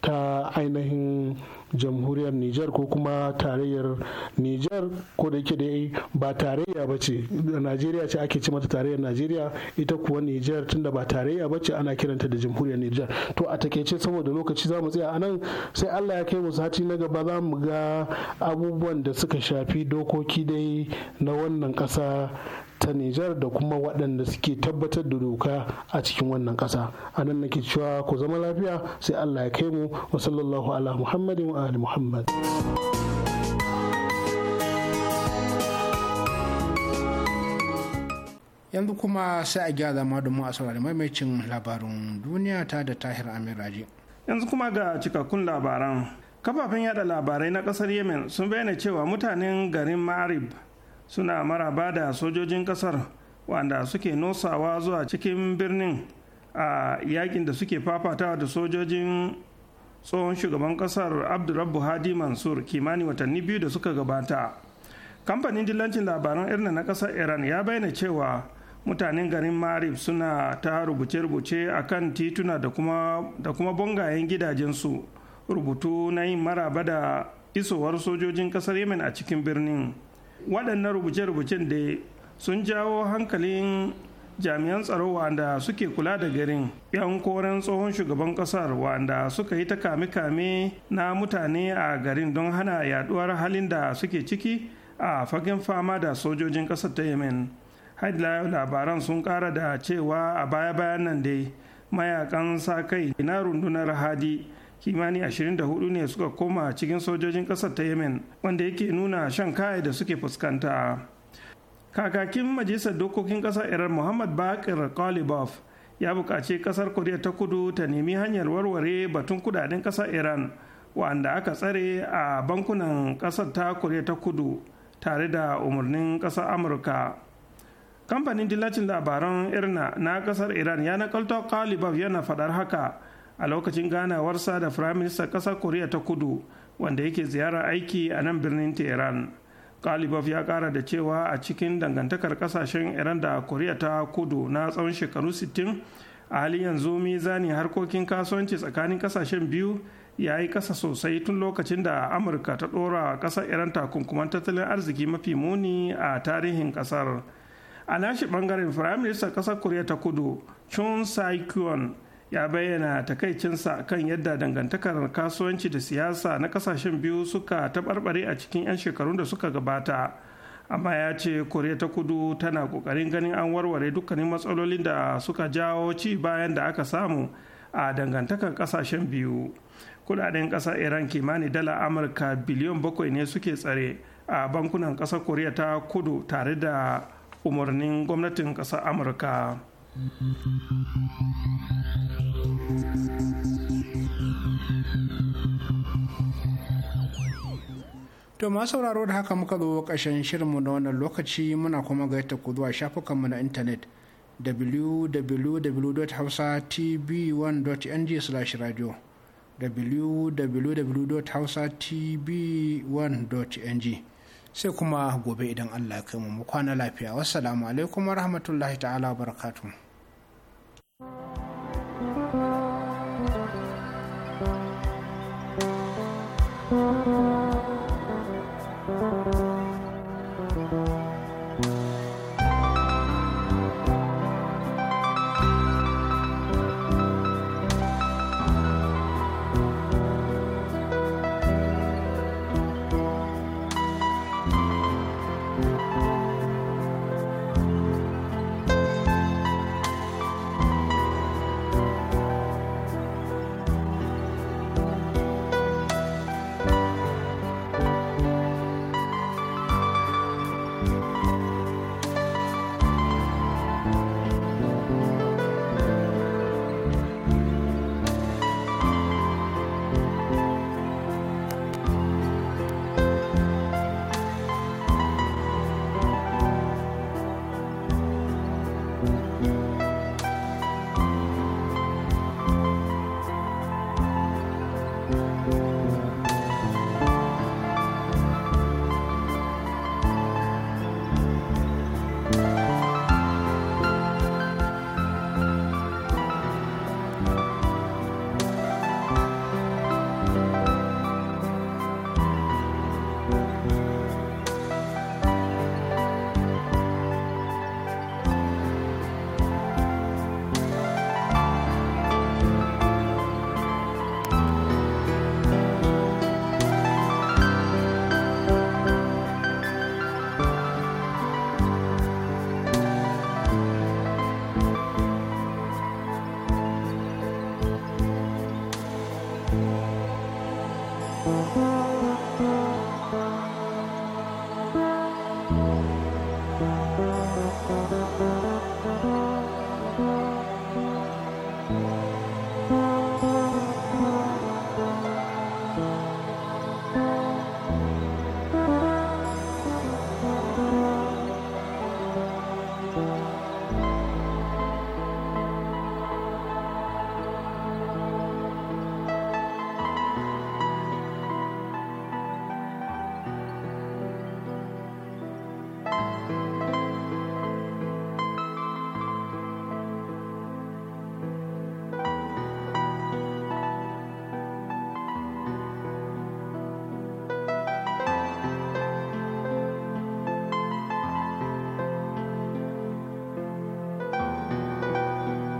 ta ainihin jamhuriyar Nijar ko kuma tarayyar Nijar ko da yake dai ba tarayya ba ce Najeriya ce ake ci mata tarayyar Najeriya ita kuwa Nijar tunda ba tarayya ba ce ana kiranta da jamhuriyar Nijar to a takeice saboda lokaci za mu tsaya a nan sai Allah ya kai mu sati na gaba za mu ga abubuwan da suka shafi dokoki dai na wannan ƙasa ta Nijar da kuma waɗanda suke tabbatar da doka a cikin wannan ƙasa. A nan nake cewa ku zama lafiya sai Allah ya kai mu wa sallallahu ala Muhammadin wa ali Muhammad. Yanzu kuma sai a gyara zama domin a saurari maimacin labarin duniya ta da Tahir Amiraji. Yanzu kuma ga cikakkun labaran. Kafafen yada labarai na ƙasar Yemen sun bayyana cewa mutanen garin Ma'arib suna maraba da sojojin kasar wanda suke nosawa zuwa cikin birnin a yakin da suke fafatawa da sojojin tsohon shugaban kasar abdurrabbu hadi mansur kimanin watanni biyu da suka gabata kamfanin dillancin labaran irna na kasar iran ya bayyana cewa mutanen garin marib suna ta rubuce-rubuce a kan tituna da kuma bangayen gidajensu rubutu na yin maraba da isowar sojojin kasar yemen a cikin birnin waɗannan rubuce-rubucen da sun jawo hankalin jami'an tsaro wanda suke kula da garin yan koren tsohon shugaban ƙasar wanda suka yi ta kame-kame na mutane a garin don hana yaduwar halin da suke ciki a fagen fama da sojojin kasar ta yemen haidla labaran sun ƙara da cewa a baya-bayan nan dai mayakan sa kai na rundunar hadi kimani 24 ne suka koma cikin sojojin ƙasar ta yemen wanda yake nuna shan kaya da suke fuskanta kakakin majalisar dokokin ƙasar iran muhammad bakir kalibov ya buƙaci ƙasar koriya ta kudu ta nemi hanyar warware batun kudaden ƙasar iran wanda aka tsare a bankunan ƙasar ta koriya ta kudu tare da umarnin ƙasar amurka kamfanin dillacin labaran irna na ƙasar iran ya nakalto kalibov yana faɗar haka a lokacin ganawarsa da firaministan ƙasar koriya ta kudu wanda yake ziyara aiki a nan birnin tehran kalibov ya kara da cewa a cikin dangantakar kasashen iran da koriya ta kudu na tsawon shekaru 60 a halin yanzu zani harkokin kasuwanci tsakanin kasashen biyu ya yi kasa sosai tun lokacin da amurka ta dora kasar iran takunkuman tattalin arziki mafi muni a tarihin kasar a nashi bangaren firaministan ƙasar koriya ta kudu chun sai ya bayyana takaicinsa kan yadda dangantakar kasuwanci da siyasa na kasashen biyu suka taɓarɓare a cikin 'yan shekarun da suka gabata amma ya ce koriya ta kudu tana ƙoƙarin ganin an warware dukkanin matsalolin da suka jawo ci bayan da aka samu a dangantakar kasashen biyu kudaden ƙasar iran kimanin dala amurka biliyon bakwai ne suke tsare a bankunan ƙasar koriya ta kudu tare da umarnin gwamnatin ƙasar amurka To ma sauraro da haka muka zo shirin mu na wannan lokaci muna kuma gaita ku zuwa shafukanmu na intanet www.hausatv1.ng/radio www.hausatv1.ng sai kuma gobe idan Allah ya kai mu kwana lafiya wassalamu alaikum warahmatullahi ta'ala barakatuh Thank you.